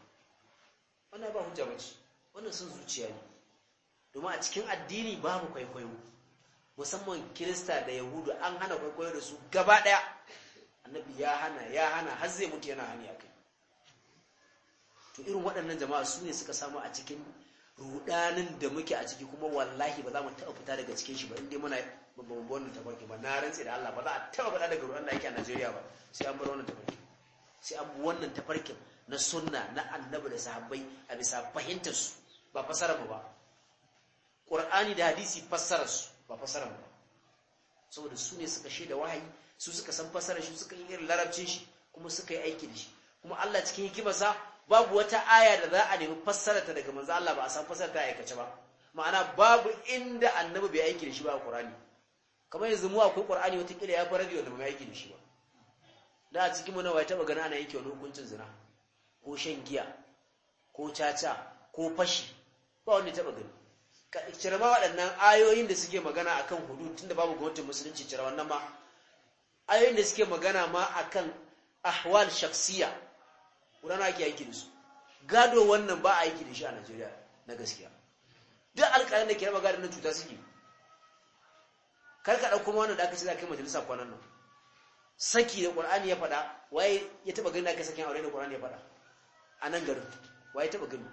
wannan ba hujja bace wannan sun zuciya ne domin a cikin addini babu kwaikwayo musamman kirista da yahudu an hana kwaikwayo da su gaba daya annabi ya hana ya hana har zai mutu yana hani kai. to irin waɗannan jama'a su ne suka samu a cikin rudanin da muke a ciki kuma wallahi ba za mu taɓa fita daga cikin shi ba inda dai muna babban wannan tabarki ba na rantse da Allah ba za a taɓa fita daga rudan da yake a Najeriya ba sai an bar wannan tabarki sai an bi wannan tafarkin na sunna na annabi da sahabbai a bisa fahimtar su ba fasara mu ba Qur'ani da hadisi fassarar su ba fasara mu ba saboda su ne suka shaida wahayi su suka san fasara shi suka yi irin larabcin shi kuma suka yi aiki da shi kuma Allah cikin hikimarsa babu wata aya da za a nemi fassararta daga manzo Allah ba a san fassararta aikace ba ma'ana babu inda annabi bai aiki da shi ba a Qur'ani kamar yanzu mu akwai Qur'ani wata kila ya bar radio da bai aiki da shi ba da a cikin mu nawa ya ana yake wani hukuncin zina ko shan giya ko caca ko fashi ba wanda ya taba gani cire ma waɗannan ayoyin da suke magana akan hudud tunda babu gwamnatin musulunci cire wannan ma ayoyin da suke magana ma akan ahwal shaksiya guda ake aiki da su gado wannan ba a aiki da shi a Najeriya na gaskiya duk alƙalin da ke raba gado na cuta suke kar ka kuma wannan da aka ce za yi majalisa kwanan nan saki da Qur'ani ya faɗa waye ya taba gani da aka sakin aure da Qur'ani ya faɗa a nan garin waye taba gani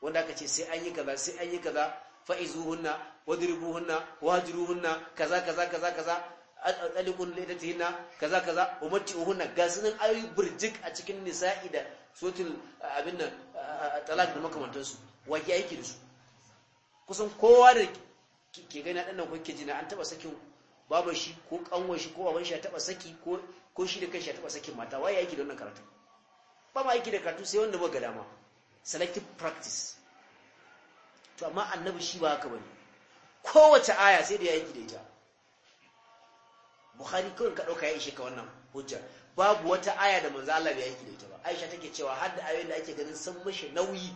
wanda aka ce sai an yi kaza sai an yi kaza fa'izuhunna wadribuhunna wajruhunna kaza kaza kaza kaza atsalikun laidatihinna kaza kaza umarci uhunna ga sunan ayoyi birjik a cikin nisa'i da sotil abin nan talak da makamantansu wake aiki da su kusan kowa da ke gani ɗan nan kwanke jina an taɓa sakin babar shi ko ƙanwar shi ko baban shi ya taɓa saki ko shi da kashi ya taɓa sakin mata waye aiki da wannan karatu ba ma aiki da karatu sai wanda ba ga dama selective practice to amma annabi shi ba haka bane kowace aya sai da ya aiki da ita bukhari kawai ka ɗauka ya ishe ka wannan hujjar. babu wata aya da manzo Allah bai aiki da ita ba aisha take cewa har da ayoyin da ake ganin sun mishi nauyi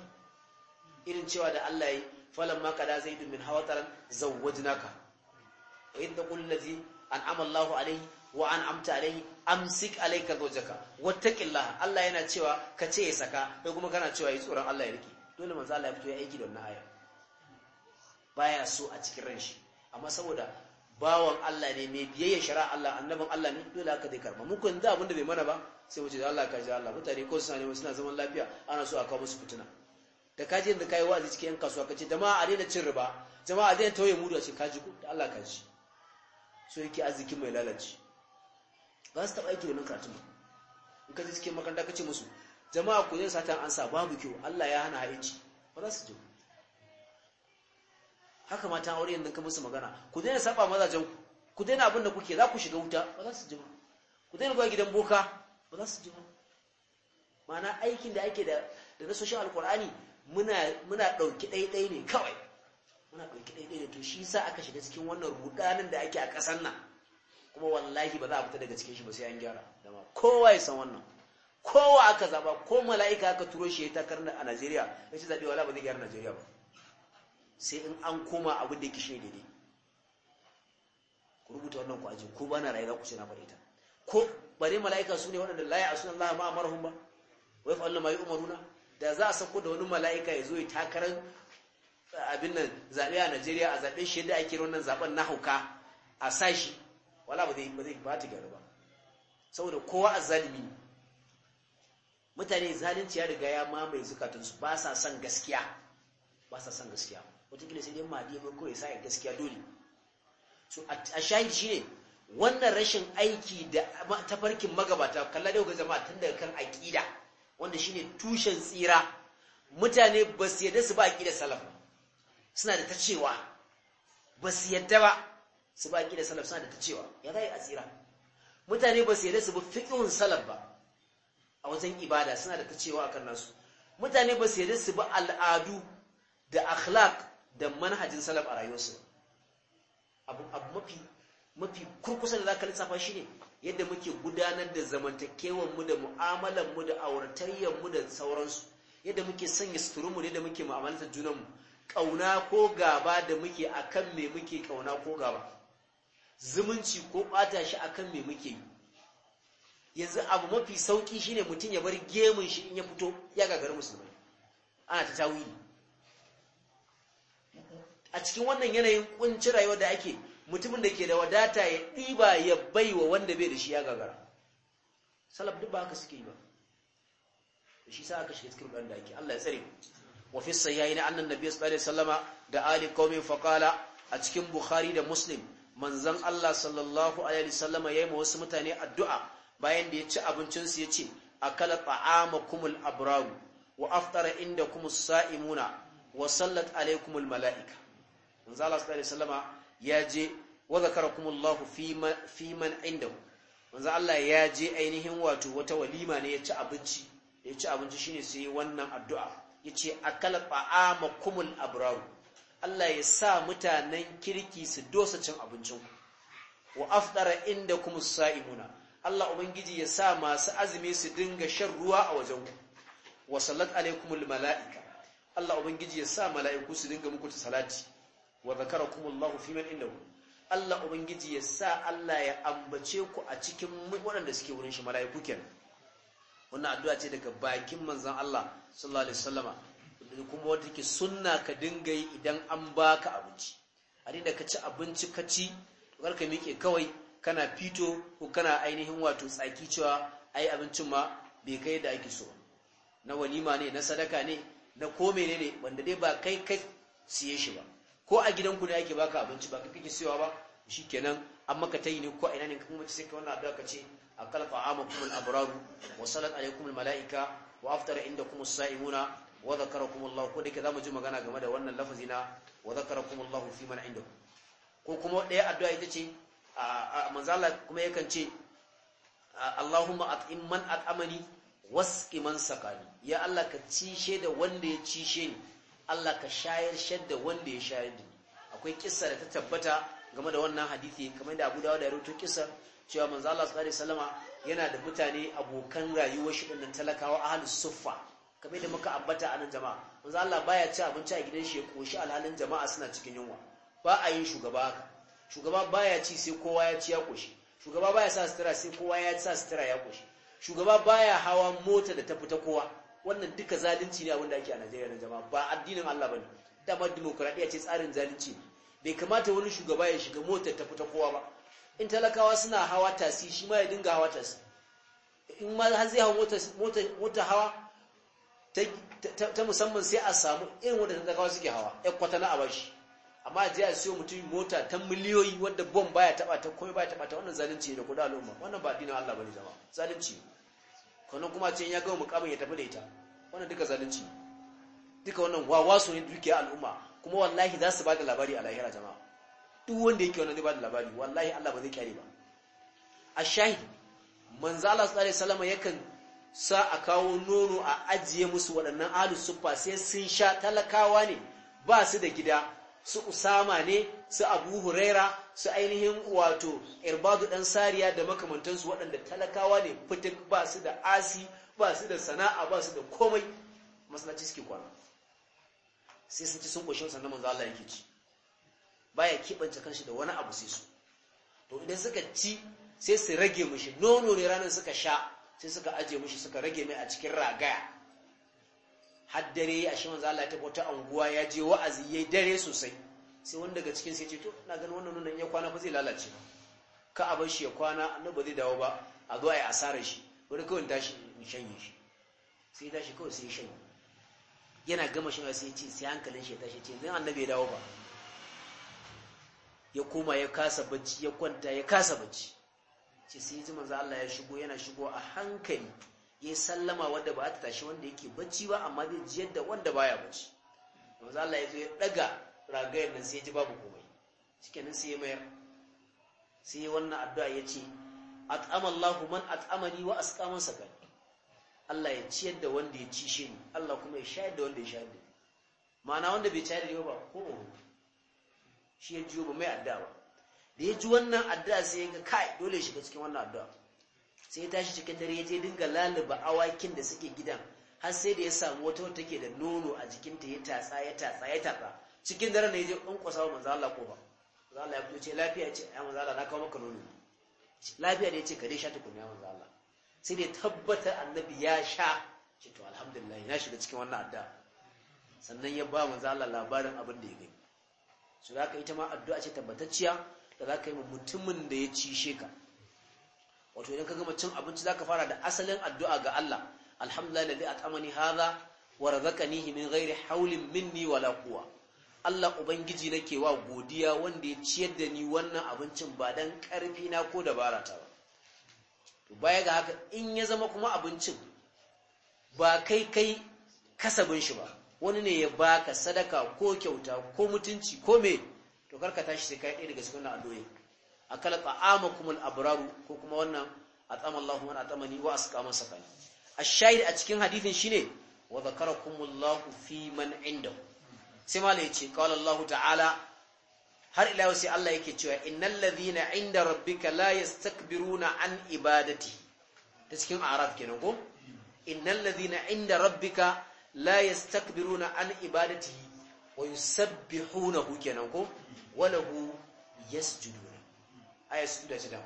irin cewa da Allah ya yi falan ma kada zaidun min hawataran zawwajnaka wa in taqul allazi an'ama Allahu alayhi wa an'amta alayhi amsik alayka zawjaka wattaqillah Allah yana cewa ka ce ya saka kai kuma kana cewa yi tsoron Allah ya rike dole manzo Allah ya fito ya aiki da wannan aya baya so a cikin ran shi amma saboda bawan Allah ne mai biyayya shari'a Allah annabin Allah ne dole haka dai karba mu kun da abin da bai mana ba sai wuce da Allah ka ji Allah mutane ko suna suna zaman lafiya ana so a kawo musu fituna da kaji inda kai wazi cikin yan kasuwa kace jama'a a daina cin riba jama'a a daina tauye mudu ce, ka kaji ku? da Allah ka ji so yake arziki mai lalace ba su taɓa aiki wannan ba in ka ji cikin makaranta kace musu jama'a ku yin satan ansa babu kyau Allah ya hana haici ba za su ku haka mata aure yanzu ka musu magana ku daina saba mazajen ku ku daina abin da kuke za ku shiga wuta ba za su ji ba ku daina zuwa gidan boka ba za su ji ba ma'ana aikin da ake da da nasoshin alkur'ani muna muna dauki ɗaiɗai ne kawai muna dauki ɗaiɗai ne to shi yasa aka shiga cikin wannan rudanin da ake a ƙasar nan kuma wallahi ba za a fita daga cikin shi ba sai an gyara dama kowa ya san wannan kowa aka zaba ko mala'ika aka turo shi ya takar a Najeriya ya ce zaɓe wala ba zai gyara Najeriya ba sai in an koma abin da yake shi daidai ku rubuta wannan ku aji ko bana rayuwa ku ce na faɗi ta ko bare mala'ika su ne waɗanda a sunan lahama a amarhum ba wai yaf'aluna ma umaruna da za a sako da wani mala'ika ya zo ya takarar eh, abin nan zaɓe a Najeriya a zaɓen shi da ake wannan zaɓen na hauka a sashi wala ba zai ba zai ba ta gyaru ba saboda kowa a zalimi ne mutane zalunci ya riga ya mamaye zukatunsu ba sa son gaskiya ba sa son gaskiya wataƙila sai dai maɗi mai kawai sa gaskiya dole so a shi shine wannan rashin aiki da tafarkin magabata kalla da yau zama tun daga kan aƙida wanda shine tushen tsira mutane ba su yadda su ba aƙida salaf suna da ta cewa ba su yadda ba su ba aƙida salaf suna da ta cewa ya zai a tsira mutane ba su yadda su bi fiqhun salaf ba a wajen ibada suna da ta cewa a kan nasu mutane ba su yadda su bi al'adu da akhlaq da manhajin salaf a rayuwarsu abu mafi mafi kurkusa da zaka lissafa shine yadda muke gudanar da zamantakewar mu da mu'amalan mu da auratayyar mu da sauransu yadda muke sanya suturunmu yadda muke mu'amalar junan mu kauna ko gaba da muke akan me muke kauna ko gaba zumunci ko bata shi akan me muke yi yanzu abu mafi sauki shine mutum ya bar gemun shi in ya fito ya gagari musulmai ana ta tawili a cikin wannan yanayin kunci rayuwar da ake mutumin da ke da wadata ya ɗiba ya baiwa wanda bai da shi ya gagara salaf duk ba haka suke yi ba Da shi sa aka shiga cikin ruɗan da ake Allah ya tsare wa fi sayyayi na annan nabi sallallahu alaihi wasallama da ali qaumi faqala a cikin bukhari da muslim manzon Allah sallallahu alaihi wasallama yayi ma wasu mutane addu'a bayan da ya ci abincin su yace akala ta'amakumul abrar wa aftara indakumus sa'imuna wa sallat alaikumul mala'ika manzo Allah sallallahu alaihi wasallama ya je wa zakarakumullahu fi man indahu manzo Allah ya je ainihin wato wata walima ne ya ci abinci ya ci abinci shine sai wannan addu'a yace akala ta'amakumul abrar Allah ya sa mutanen kirki su dosa cin abincin ku wa afdara indakumus sa'imuna Allah ubangiji ya sa masu azumi su dinga shan ruwa a wajen ku wa sallat alaikumul mala'ika Allah ubangiji ya sa mala'iku su dinga muku salati wa zakarakumullahu fi man indahu Allah ubangiji ya sa Allah ya ambace ku a cikin waɗanda suke wurin shi mala'iku kenan wannan addu'a ce daga bakin manzon Allah sallallahu alaihi wasallama kuma wata ke sunna ka dinga yi idan an baka abinci a da ka ci abinci ka ci kar ka miƙe kawai kana fito ko kana ainihin wato tsaki cewa ai abincin ma bai kai da ake so na walima ne na sadaka ne na ko menene wanda dai ba kai kai siye shi ba ko a gidanku ne ake baka abinci ba kake siyowa ba shi kenan an maka tayi ne ko a ina ne kuma sai ka wannan addu'a kace akal ta'amakum al-abrar wa salat alaykum al-mala'ika wa aftara indakum as-sa'imuna wa dhakarakum Allah ko dake zamu ji magana game da wannan lafazi na wa dhakarakum Allah fi man indakum ko kuma ɗaya addu'a ita ce manzo Allah kuma yakan ce Allahumma at'im man at'amani wasqi man sakani ya Allah ka cishe da wanda ya cishe ni Allah ka shayar shadda wanda ya shayar da ni akwai kissa da ta tabbata game da wannan hadisi kamar da Abu Dawud ya rawaito kissar cewa manzo Allah sallallahu alaihi wasallama yana da mutane abokan rayuwar shi talakawa talakawa ahlus suffa kamar da muka abbata a nan jama'a manzo Allah baya ci abinci a gidan shi ya koshi alhalin jama'a suna cikin yunwa ba a yin shugaba haka shugaba baya ci sai kowa ya ci ya koshi shugaba baya sa sutura sai kowa ya sa sutura ya koshi shugaba baya hawa mota da ta fita kowa wannan duka zalunci ne abin da ake a Najeriya na jama'a ba addinin Allah bane dama demokradiya ce tsarin zalunci bai kamata wani shugaba ya shiga motar ta kowa ba in talakawa suna hawa tasi shi ma ya dinga hawa tasi in ma har zai hawa motar hawa ta musamman sai a samu irin wanda talakawa suke hawa ya kwatana a bashi amma a je a siyo mutum mota ta miliyoyi wanda bom baya taba ta komai baya taba ta wannan zalunci ne da kudi al'umma wannan ba addinin Allah bane jama'a zalunci ne kwanan kuma ce ya gama mukamin ya tafi da ita wannan duka zalunci duka wannan su ne dukiya al'umma kuma wallahi za su ba da labari a lahira jama'a duk wanda yake wannan zai ba da labari wallahi Allah ba zai kyare ba a shahid manzo Allah sallallahu alaihi wasallam yakan sa a kawo nono a ajiye musu waɗannan alu suffa sai sun sha talakawa ne ba su da gida su usama ne su abu huraira su ainihin wato irbadu dan sariya da makamantansu waɗanda talakawa ne fitik ba su da asi ba su da sana'a ba su da komai masalaci suke kwana sai sun ci sun ƙoshin sannan manzo Allah yake ci baya kibanta kanshi da wani abu sai su to idan suka ci sai su rage mishi nono ne ranar suka sha sai suka aje mishi suka rage mai a cikin ragaya har dare a shi manzo Allah ta wata anguwa ya je wa'azi yayi dare sosai sai wanda daga cikin sai ce to ina ganin wannan nunan ya kwana ba zai lalace ba ka a bar shi ya kwana na ba zai dawo ba a zuwa ya asara shi wani kawai tashi in shanye shi sai tashi kawai sai shanye yana gama shi sai ce sai hankalin shi ya tashi ce zan annabi ya dawo ba ya koma ya kasa bacci ya kwanta ya kasa bacci ce sai ji manzo Allah ya shigo yana shigo a hankali ya sallama wanda ba ta tashi wanda yake bacci ba amma zai ji da wanda baya bacci manzo Allah ya zo ya daga ragayen nan sai ji babu komai shikenan sai ya mayar sai wannan addu'a ya ce at'ama Allahu man at'amani wa asqama sakani Allah ya ciyar da wanda ya ci shi Allah kuma ya shayar da wanda ya shayar da ma'ana wanda bai ciyar da ba ko shi ya ji ba mai addu'a ba da ya ji wannan addu'a sai ya ga kai dole ya shiga cikin wannan addu'a sai ya tashi cikin dare ya je dinga laluba awakin da suke gidan har sai da ya samu wata wata take da nono a jikinta ya tatsa ya tatsa ya tatsa cikin dare ne je in kwasa manzo Allah ko ba manzo Allah ya ce lafiya ce ai manzo Allah na kawo maka nono lafiya da yace ka dai sha tukunna manzo Allah sai dai tabbata annabi ya sha ce to alhamdulillah na shiga cikin wannan addu'a sannan ya ba manzo Allah labarin abin da ya gani su zaka ita ma addu'a ce tabbatacciya da zaka yi mutumin da ya cishe ka wato idan ka gama cin abinci zaka fara da asalin addu'a ga Allah alhamdulillah ladhi at'amani hadha wa razaqanihi min ghairi hawlin minni wala quwwah Allah Ubangiji nake wa godiya wanda ya ciyar da ni wannan abincin ba don ƙarfi na ko dabara ta ba. To baya ga haka in ya zama kuma abincin ba kai kai kasabin shi ba, wani ne ya baka sadaka ko kyauta ko mutunci ko me to karka tashi sai kai ɗaya daga cikin a Akala ta'ama kuma abraru ko kuma wannan atama Allahu man atamani wa asqama sakani. Ash-shahid a cikin hadithin shine wa zakarakumullahu fi man indahu sai malai ce qala Allah ta'ala har ila yau sai Allah yake cewa innal ladhina inda rabbika la yastakbiruna an ibadati ta cikin araf kenan ko innal ladhina inda rabbika la yastakbiruna an ibadatihi wa yusabbihunahu kenan ko walahu yasjuduna aya sujuda ce da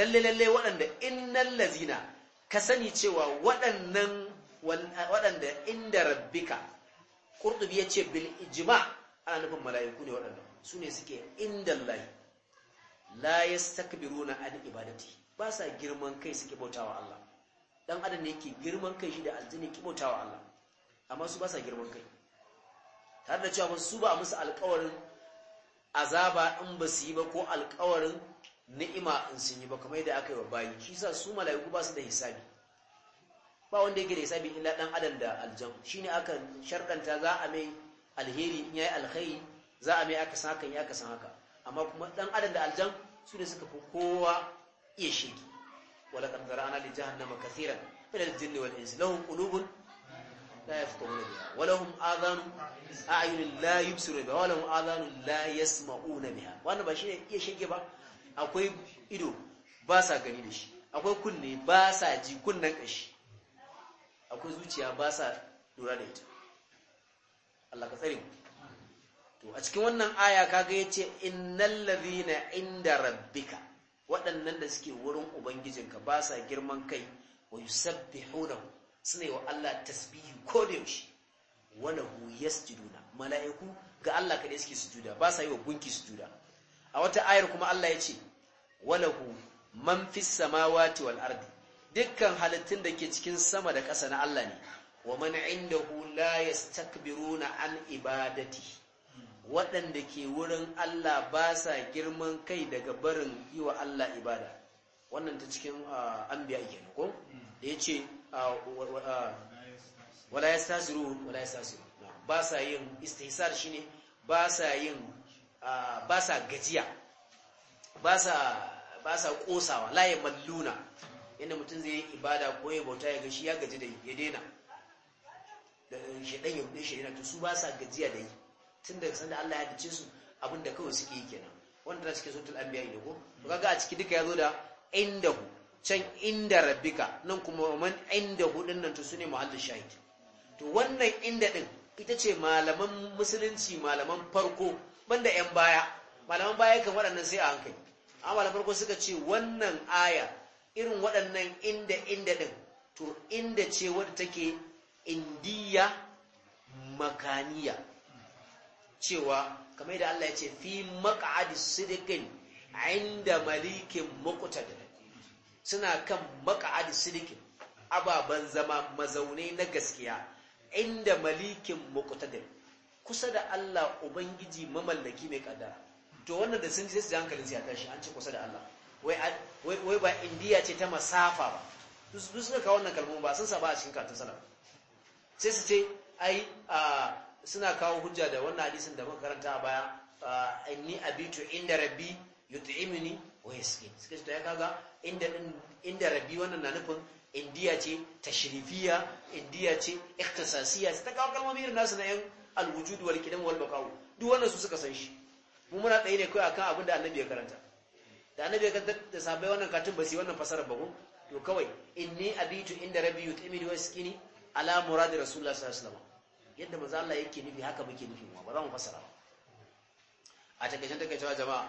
lalle lalle waɗanda innal ladhina ka sani cewa waɗannan waɗanda inda rabbika qurtubi ya ce bil ijima ana nufin mala'iku ne waɗanda. su ne suke inda lahi la na an ibadati ba sa girman kai suke bautawa Allah dan adam ne ke girman kai shi da aljini ke bautawa Allah amma su ba sa girman kai tare da cewa su ba musu alkawarin azaba in ba su yi ba ko alkawarin ni'ima in sun yi ba kamar yadda aka yi wa bayi shi sa su mala'iku ba su da hisabi ba wanda yake da hisabi illa dan adam da aljan shine aka sharɗanta za a mai alheri in yayi alkhairi za a mai aka san haka in aka san haka amma kuma dan adam da aljan su ne suka fi kowa iya shirki wala qad zara'na li jahannama kaseeran min al-jinni wal insi lahum qulubun la yafqahuna biha wa lahum adhanun a'yunun la yubsiruna biha wa lahum adhanun la yasma'una biha wannan ba shine iya shige ba akwai ido ba sa gani da shi akwai kunne ba sa ji kunnen kashi akwai zuciya ba sa lura da ita Allah ka tsari to a cikin wannan aya kaga yace innal ladhina inda rabbika waɗannan da suke wurin ubangijinka ba sa girman kai wa yusabbihuna suna yi wa Allah tasbihi ko da yaushe wala hu yasjuduna mala'iku ga Allah kaɗai suke sujuda ba sa yi wa gunki sujuda a wata ayar kuma Allah ya ce wala hu man fis samawati wal ardi dukkan halittun da ke cikin sama da ƙasa na Allah ne wa man indahu la yastakbiruna an ibadati waɗanda ke wurin Allah ba sa girman kai daga barin yi wa Allah ibada wannan ta cikin ah, anbiya kenan ko da yace ah, ah, wala yastasiru wala yastasiru ba sa yin istihsar shine ba sa yin ba sa gajiya ba sa ba sa kosawa la yamalluna inda mutum zai yi ibada ko ya bauta ya gashi, ya gaji da yi ya daina eh, shaɗan ya bude shaɗan to su ba sa gajiya da yi tun da sanda Allah ya dace su abinda kawai suke yi kenan wanda da suke sotul anbiya ne ko to kaga a ciki duka yazo da indahu can inda rabbika nan kuma man indahu din nan to sune muhallin shahid to wannan inda din ita ce malaman musulunci malaman farko banda yan baya malaman baya kan waɗannan sai a hankali amma malaman farko suka ce wannan aya irin waɗannan inda inda ɗin to inda ce wadda take indiya makaniya cewa kamar da Allah ya ce fi maka'adi sidikin inda malikin muqtadir suna kan maka'adi sidikin ababen zama mazaunai na gaskiya inda malikin muqtadir kusa da Allah ubangiji mamallaki mai kada to wannan da sun ji sai hankali sai ya tashi an ce kusa da Allah wai ba indiya ce ta masafa ba duk suka kawo wannan kalmomin ba sun saba a cikin katun salaf sai su ce ai suna kawo hujja da wannan hadisin da makaranta a baya inni abitu inda rabbi yut'imuni wa yasqi suka ce to ya kaga inda inda rabbi wannan na nufin indiya ce tashrifiya indiya ce ikhtisasiya ta kawo kalmomin irin nasu na yan alwujud wal kidam wal duk wannan su suka san shi mu muna tsaye ne kai akan abin da annabi ya karanta da annabi ya da sabai wannan katun ba su wannan fasara ba ko to kawai inni abitu inda rabbi yut'imini wa yaskini ala muradi rasulullah sallallahu alaihi wasallam yadda manzo Allah yake nufi haka muke nufi ba za mu fasara ba a takaicen takaicewa jama'a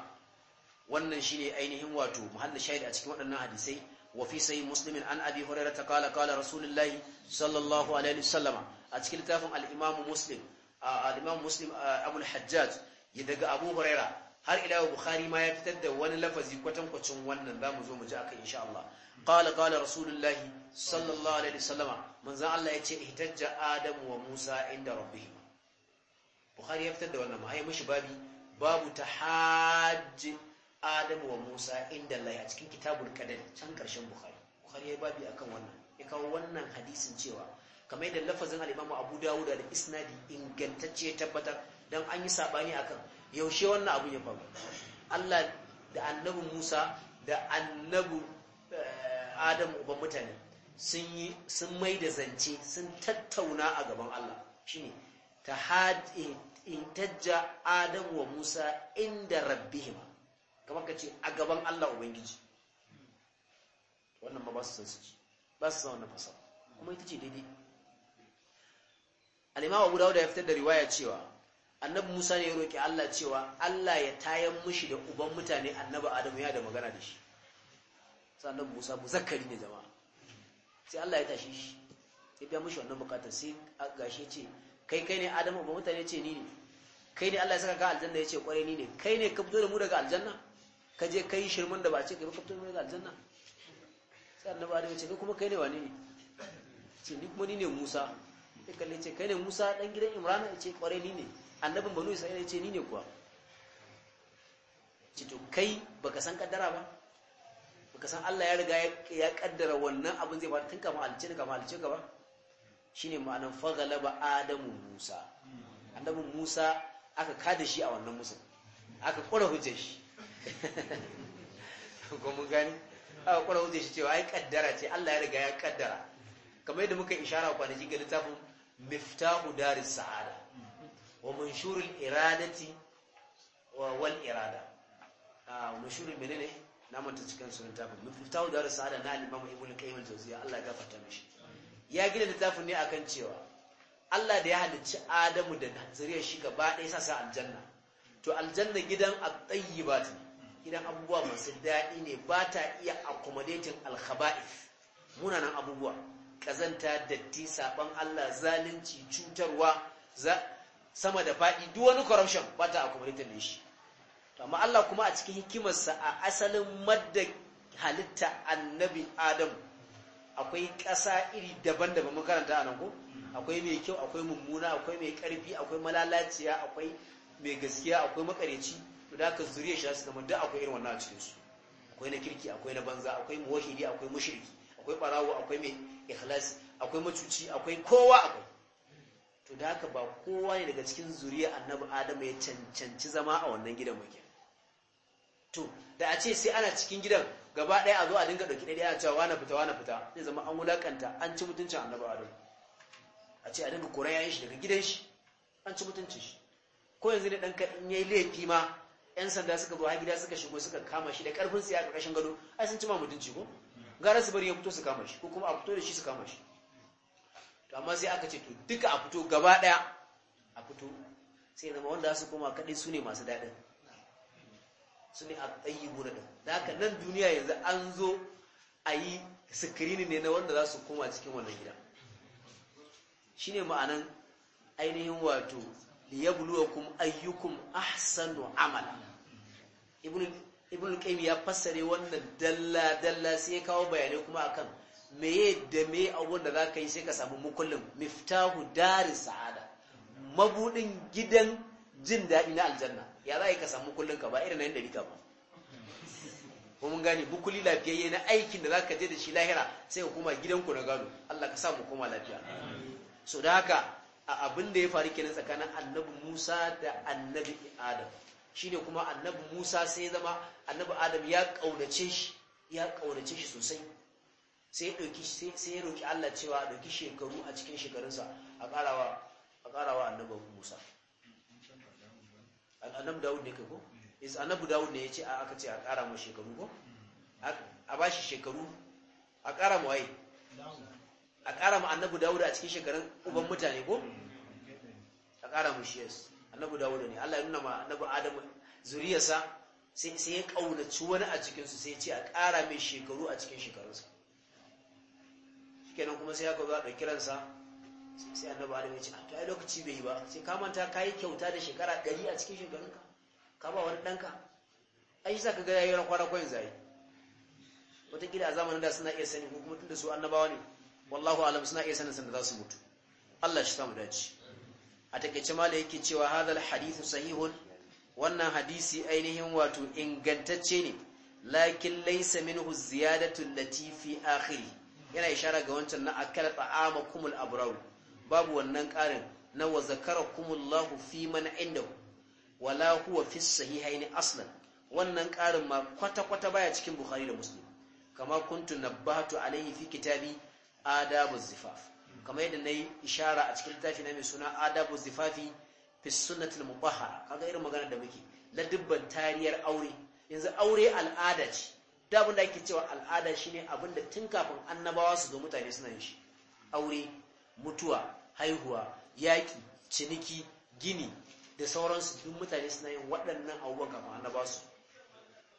wannan shine ainihin wato muhallin shahid a cikin waɗannan hadisai wa fi sahih muslim an abi ta qala qala rasulullah sallallahu alaihi wasallama a cikin littafin al-imam muslim al-imam muslim abul hajjaj daga abu hurairah har ila yau bukhari ma ya fitar da wani lafazi kwatankwacin wannan Za mu zo mu ji akan insha Allah qala qala rasulullah sallallahu alaihi wasallam manzo Allah ya ce ihtajja adam wa musa inda rabbih bukhari ya fitar da wannan ma ai mishi babi babu tahajj adam wa musa inda Allah a cikin kitabul qadar can karshen bukhari bukhari ya babi akan wannan ya kawo wannan hadisin cewa kamar da lafazin al imamu abu dawud da isnadi ingantacce tabbatar dan an yi sabani akan yaushe wannan abun ya faru Allah da annabi Musa da annabi eh, Adam uban mutane sun yi sun mai da zance sun tattauna a gaban Allah shine in intajja Adam wa Musa inda rabbihim kamar kace a gaban Allah ubangiji wannan ba su san su ci, ba su san wannan fasaha kuma ita ce daidai al-Imam Abu Dawud ya fitar da riwaya cewa annabi musa ne ya roƙi allah cewa allah ya tayan mushi da uban mutane annabi adamu ya da magana da shi sai annabi musa muzakkari ne zama sai allah ya tashi shi ya biya mushi wannan bukatar sai gashi ce kai kai ne adamu uban mutane ce ni ne kai ne allah ya saka ka aljanna ya ce kwarai ni ne kai ne ka fito da mu daga aljanna ka je kai shirman da ba ce ka fito da mu daga aljanna sai annabi adamu ya ce kai kuma kai ne ni ne ce ni kuma ni ne musa sai kalle ce kai ne musa dan gidan imrana ya ce kwarai ni ne annabin banu isra'ila ya ce ni ne kuwa Cito to kai baka san kaddara ba baka san Allah ya riga ya kaddara wannan abin zai faru tun kama alice da kama alice gaba shine ma'anan ba adamu musa annabin musa aka kada shi a wannan musa aka kura hujjar shi [LAUGHS] ko gani aka kura hujjar shi cewa ai kaddara ce Allah ya riga ya kaddara kamar yadda muka ishara kwanaki ga littafin miftahu daris sa'ada wa الإرادة والإرادة wal irada ah, munshurul menene na manta cikin sunan tafin miftahu da sa'ada na al-imam ibn qayyim al-jawziyya Allah ya gafarta mishi ya gina littafin ne akan cewa Allah da ya halicci Adamu da تو shi gaba الطيبات sa sa aljanna to aljanna gidan at-tayyibat gidan abubuwa masu daɗi ne ba iya al munanan abubuwa kazanta datti saban Allah zalunci cutarwa sama da faɗi duk wani corruption ba ta accommodating ne shi amma Allah kuma a cikin hikimarsa a asalin madda halitta annabi Adam akwai ƙasa iri daban-daban mun karanta anan ko akwai mai kyau akwai mummuna akwai mai ƙarfi akwai malalaciya akwai mai gaskiya akwai makareci to da ka zuriya shi su kamar duk akwai irin wannan a cikin su akwai na kirki akwai na banza akwai muwahidi akwai mushriki akwai barawo akwai mai ikhlas akwai macuci akwai kowa akwai to da haka ba kowa ne daga cikin zuriya annabi adam ya cancanci zama a wannan gidan muke. to da a ce sai ana cikin gidan gaba ɗaya a zo a dinga ɗauki ɗaya a cewa wani fita wani fita zai zama an wulaƙanta an ci mutuncin annabi adam a ce a dinga kora yayin shi daga gidan shi an ci mutuncin shi ko yanzu ne ɗan kaɗan ya yi laifi ma 'yan sanda suka zo har gida suka shigo suka kama shi da ƙarfin siya a ƙarƙashin gado ai sun ci ma mutunci ko gara su bari ya fito su kama shi ko kuma a fito da shi su kama shi to amma sai aka ce to duka a fito gaba daya a fito sai zama wanda su koma kadai su ne masu daɗin su ne a tsayi da haka nan duniya yanzu an zo a yi sikirini ne na wanda za su koma cikin wannan gida shi ne ma'anan ainihin wato kuma ayyukum ahsanu amala ibn al-qaim ya fassare wannan dalla dalla sai ya kawo bayanai kuma akan meye da me abun da za ka yi sai ka samu mukullin miftahu darin sa'ada mabudin gidan jin daɗi na aljanna ya za ka samu mukullin ka ba irin na yin ɗari ba kuma gani bukuli lafiyayye na aikin da za ka je da shi lahira sai ka koma gidanku na gado Allah ka sa mu lafiya so da haka a abin da ya faru kenan tsakanin annabi Musa da annabi Adam shine kuma annabi Musa sai zama annabi Adam ya ƙaunace shi ya kaunace shi sosai sai ya ɗauki sai ya roƙi Allah cewa a ɗauki shekaru a cikin shekarunsa a ƙarawa a ƙarawa annabi Musa annabi Dawud ne kai ko is annabi Dawud ne yace a aka ce a ƙara mu shekaru ko a bashi shekaru a ƙara mu waye a ƙara mu annabi Dawud a cikin shekarun uban mutane ko a ƙara mu shi yes annabi Dawud ne Allah ya nuna ma annabi Adam zuriyarsa sai ya ƙaunaci wani a cikinsu sai ya ce a ƙara mai shekaru a cikin shekarunsa kenan kuma sai aka zo a ɗauki sai annabi adam ya ce to ai lokaci bai yi ba sai ka manta ka yi kyauta da shekara ɗari a cikin shekarunka ka ba wani ɗanka ai shi ka ga yayi ran kwana koyin zai wataƙila a zamanin da suna iya sani ko kuma tunda su annabawa ne wallahu alam suna iya sanin sanda za su mutu Allah shi samu dace a ma da yake cewa hadal hadithu sahihun wannan hadisi ainihin wato ingantacce ne lakin laysa minhu ziyadatu lati fi akhirih yana ishara ga wancan na akala ta'ama kumul abraru babu wannan karin na wa zakarakumullahu fi man indahu wala huwa fi sahihaini aslan wannan karin ma kwata kwata baya cikin bukhari da muslim kama kuntu nabbahtu alaihi fi kitabi adabu zifaf kama yadda nayi ishara a cikin littafi na mai suna adabu zifafi fi sunnatul mubahara kaga irin magana da muke ladibban tariyar aure yanzu aure al'ada ce da abin da ake cewa al'ada shi ne abin da tun kafin annabawa su zo mutane suna yin shi aure mutuwa haihuwa yaƙi ciniki gini da sauransu duk mutane suna yin waɗannan abubuwan kafin annabawa su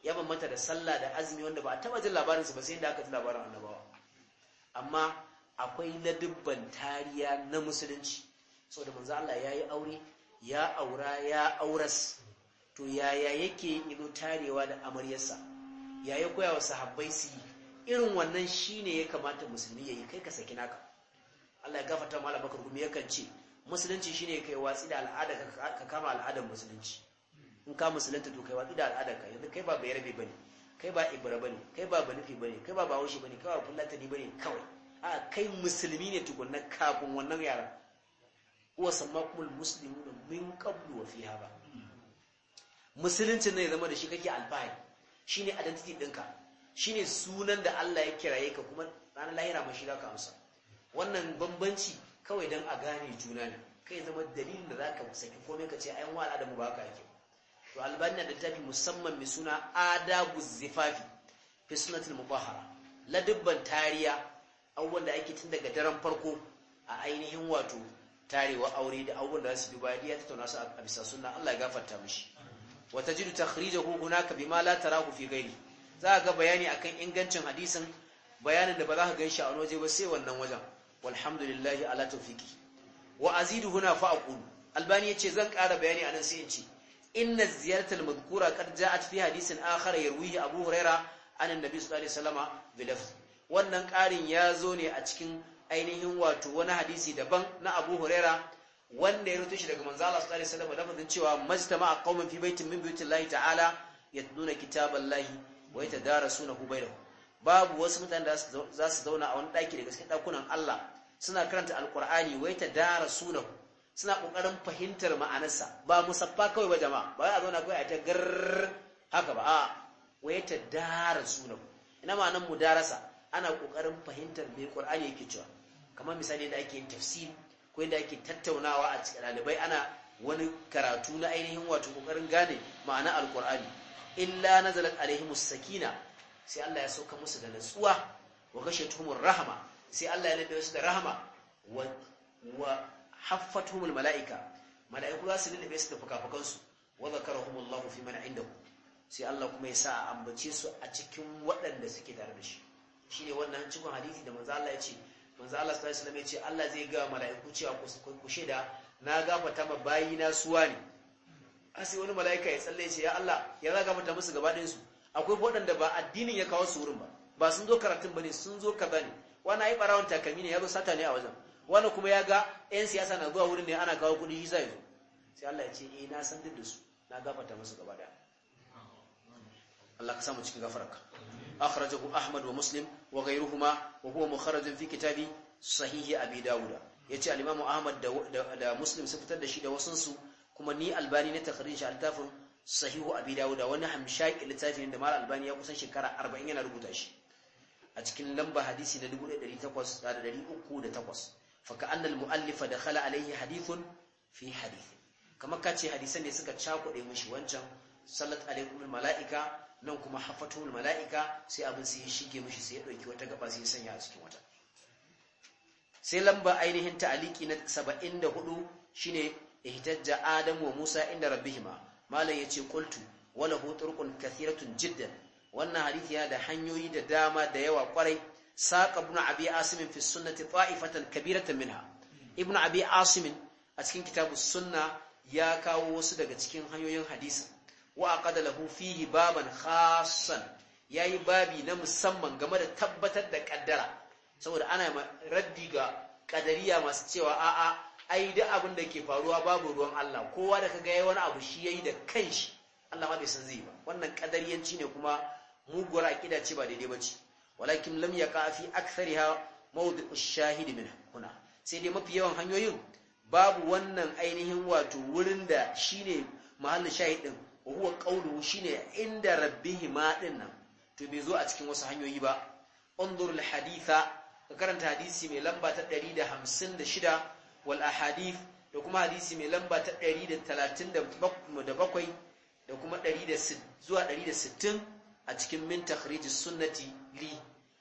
ya bambanta da sallah da azumi wanda ba a taɓa jin labarinsu ba sai da aka ji labarin annabawa amma akwai ladubban tariya na musulunci saboda manzo Allah ya yi aure ya aura ya auras to yaya yake ido tarewa da amaryarsa ya ya koya wa sahabbai su yi irin wannan shine ya kamata musulmi ya yi kai ka saki naka Allah ya gafarta mala bakar gumi yakan ce musulunci shine kai watsi da al'ada ka kama al'adar musulunci in ka musulunta to kai watsi da al'adar ka yanzu kai ba bai ba bane kai ba ibra bane kai ba banufi bane kai ba ba bane kai ba fulatani bane kawai a kai musulmi ne tukunna kafin wannan yaran wa sammakumul muslimuna min qablu wa fiha ba musulunci ne zama da shi kake alfahari shine identity ɗinka ne sunan da Allah ya kiraye ka kuma ranar lahira ma shi ka amsa wannan bambanci kawai don a gane juna ne kai zama dalilin da za ka saki komai ka ce ai wa mu ba ka yake to albani da littafi musamman mai suna adabu zifafi fi sunnatul mubahara ladubban tariya abubuwan da ake tun daga daren farko a ainihin wato tarewa aure da abubuwan da za su duba ya tauna su a bisa suna Allah ya gafarta mishi wa tajidu takhrijahu hunaka bima la tarahu fi ghairi za ga bayani akan ingancin hadisin bayanin da ba za ka ganshi a waje ba sai wannan wajen walhamdulillahi ala tawfiqi wa azidu huna fa aqul albani yace zan ƙara bayani a anan sai in ce inna ziyaratul madhkura qad ja'at fi hadisin akhar yarwihi abu huraira anan annabi sallallahu alaihi wasallam bi lafz wannan ƙarin ya zo ne a cikin ainihin wato wani hadisi daban na abu huraira wanda ya rutu shi daga manzo Allah sallallahu alaihi wasallam lafazin cewa majtama qaumun fi baitin min buyutillahi ta'ala yatluna kitaballahi wa yatadarasunahu bainahum babu wasu mutane da za su zauna a wani daki daga cikin dakunan Allah suna karanta alqur'ani wa yatadarasunahu suna kokarin fahimtar ma'anarsa ba musaffa kawai ba jama'a ba a zauna kawai a ta gar haka ba a wa yatadarasunahu ina ma'anar mudarasa ana kokarin fahimtar me qur'ani yake cewa kamar misali da ake yin tafsiri ko inda ake tattaunawa a cikin ɗalibai ana wani karatu na ainihin wato ƙoƙarin gane ma'ana Alƙur'ani. illa nazalat alaihimus sakina sai Allah ya sauka musu da natsuwa wa ghashatuhumur rahma sai Allah ya nabe su da rahma wa wa haffatuhumul malaika malaiku za su nabe su da fukafukansu wa zakarahumullahu fi man indahu sai Allah kuma ya sa a ambace su a cikin waɗanda suke tare da shi shine wannan cikin hadisi da manzo Allah ya ce manzo Allah sallallahu alaihi wasallam ya ce Allah zai ga mala'iku cewa ku shaida na gafarta ma bayina suwa ne sai wani mala'ika ya tsalle ce ya Allah ya za mata musu gaba ɗayan su akwai waɗanda ba addinin ya kawo su wurin ba ba sun zo karatun bane sun zo ka ne wani ai barawon takami ne ya zo sata ne a wajen wani kuma ya ga yan siyasa na zuwa wurin ne ana kawo kuɗi shi zai zo sai Allah ya ce eh na san duk da su na gafarta musu gaba ɗaya Allah ka samu cikin gafararka أخرجه أحمد ومسلم وغيرهما وهو مخرج في كتاب صحيح أبي داود يتي الإمام أحمد دا, دا, دا مسلم سفتر دا شيء وسنسو كما ني ألباني نتخرج على التافن صحيح أبي داود وانا همشاك التافن عندما الألباني يقصن شكرا أربعين نربوتاش أتكن لمبا حديثي ندبور دلي تقوص دلي أقو دا تقوص فكأن المؤلف دخل عليه حديث في حديث كما كاتي حديثا يسكت شاكو دي مشي وانجا صلت عليكم الملائكة nan kuma hafatul mala'ika sai abin sai ya shige mishi sai ya ɗauki wata gaba sai ya sanya a cikin wata sai lamba ainihin ta'aliki na saba'in da hudu 74 shine ihtajja adam wa musa inda rabbihima malam ce kultu wala hu turqun kathiratun jiddan wannan hadisi yana da hanyoyi da dama da yawa kwarai saka ibn abi asimin fi sunnati fa'ifatan kabiratan minha ibn abi Asimin a cikin kitabus sunna ya kawo wasu daga cikin hanyoyin hadisin wa aqada lahu fihi baban khassan yayi babi na musamman game da tabbatar da ƙaddara. saboda ana raddi ga kadariya masu cewa a'a ai duk abin da ke faruwa babu ruwan Allah kowa da kaga yayi wani abu shi yayi da kanshi Allah ma bai san zai ba wannan kadariyanci ne kuma muguwar a ce ba daidai bace walakin lam yaqa fi aktsariha mawdu'u shahid min kuna. sai dai mafi yawan hanyoyin babu wannan ainihin wato wurin da shine mahallin shahid din wa ƙaunuhu qawluhu shine inda rabbihima din nan to bai zo a cikin wasu hanyoyi ba undur al haditha ka karanta hadisi mai lamba ta 156 wal ahadith da kuma hadisi mai lamba ta 137 da kuma 160 zuwa 160 a cikin min takhrij sunnati li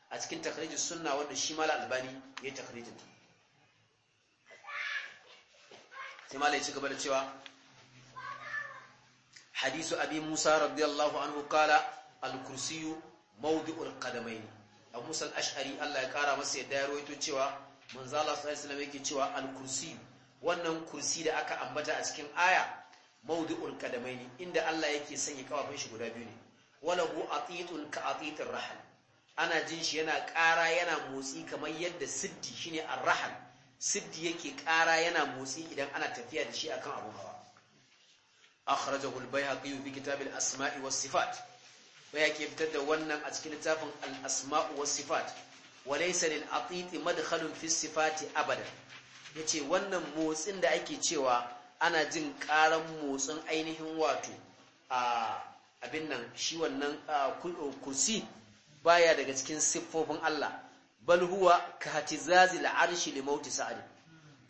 a cikin takhrij sunna wanda shi mal albani ya takhrijin sai malai ci gaba da cewa hadisu abi musa radiyallahu anhu kala al-kursiyu mawdi'ul qadamaini abu musa al-ash'ari Allah ya kara masa yadda ya rawaito cewa manzo Allah sallallahu alaihi yake cewa al-kursiyu wannan kursi da aka ambata a cikin aya mawdi'ul qadamaini inda Allah yake sanya kafafun shi guda biyu ne Wala atitun ka atitir rahal ana jin shi yana ƙara yana motsi kamar yadda siddi shine ar-rahal siddi yake ƙara yana motsi idan ana tafiya da shi akan abu hawa akhrajahu al-bayhaqi fi kitab al-asma'i was-sifat bayhaqi fitar da wannan a cikin littafin al-asma'u was-sifat wa laysa lil-atiti madkhalun fi sifati abada yace wannan motsin da ake cewa ana jin karan motsin ainihin wato a abin nan shi wannan kursi baya daga cikin siffofin Allah bal huwa kahtizazil arshi li mauti sa'ad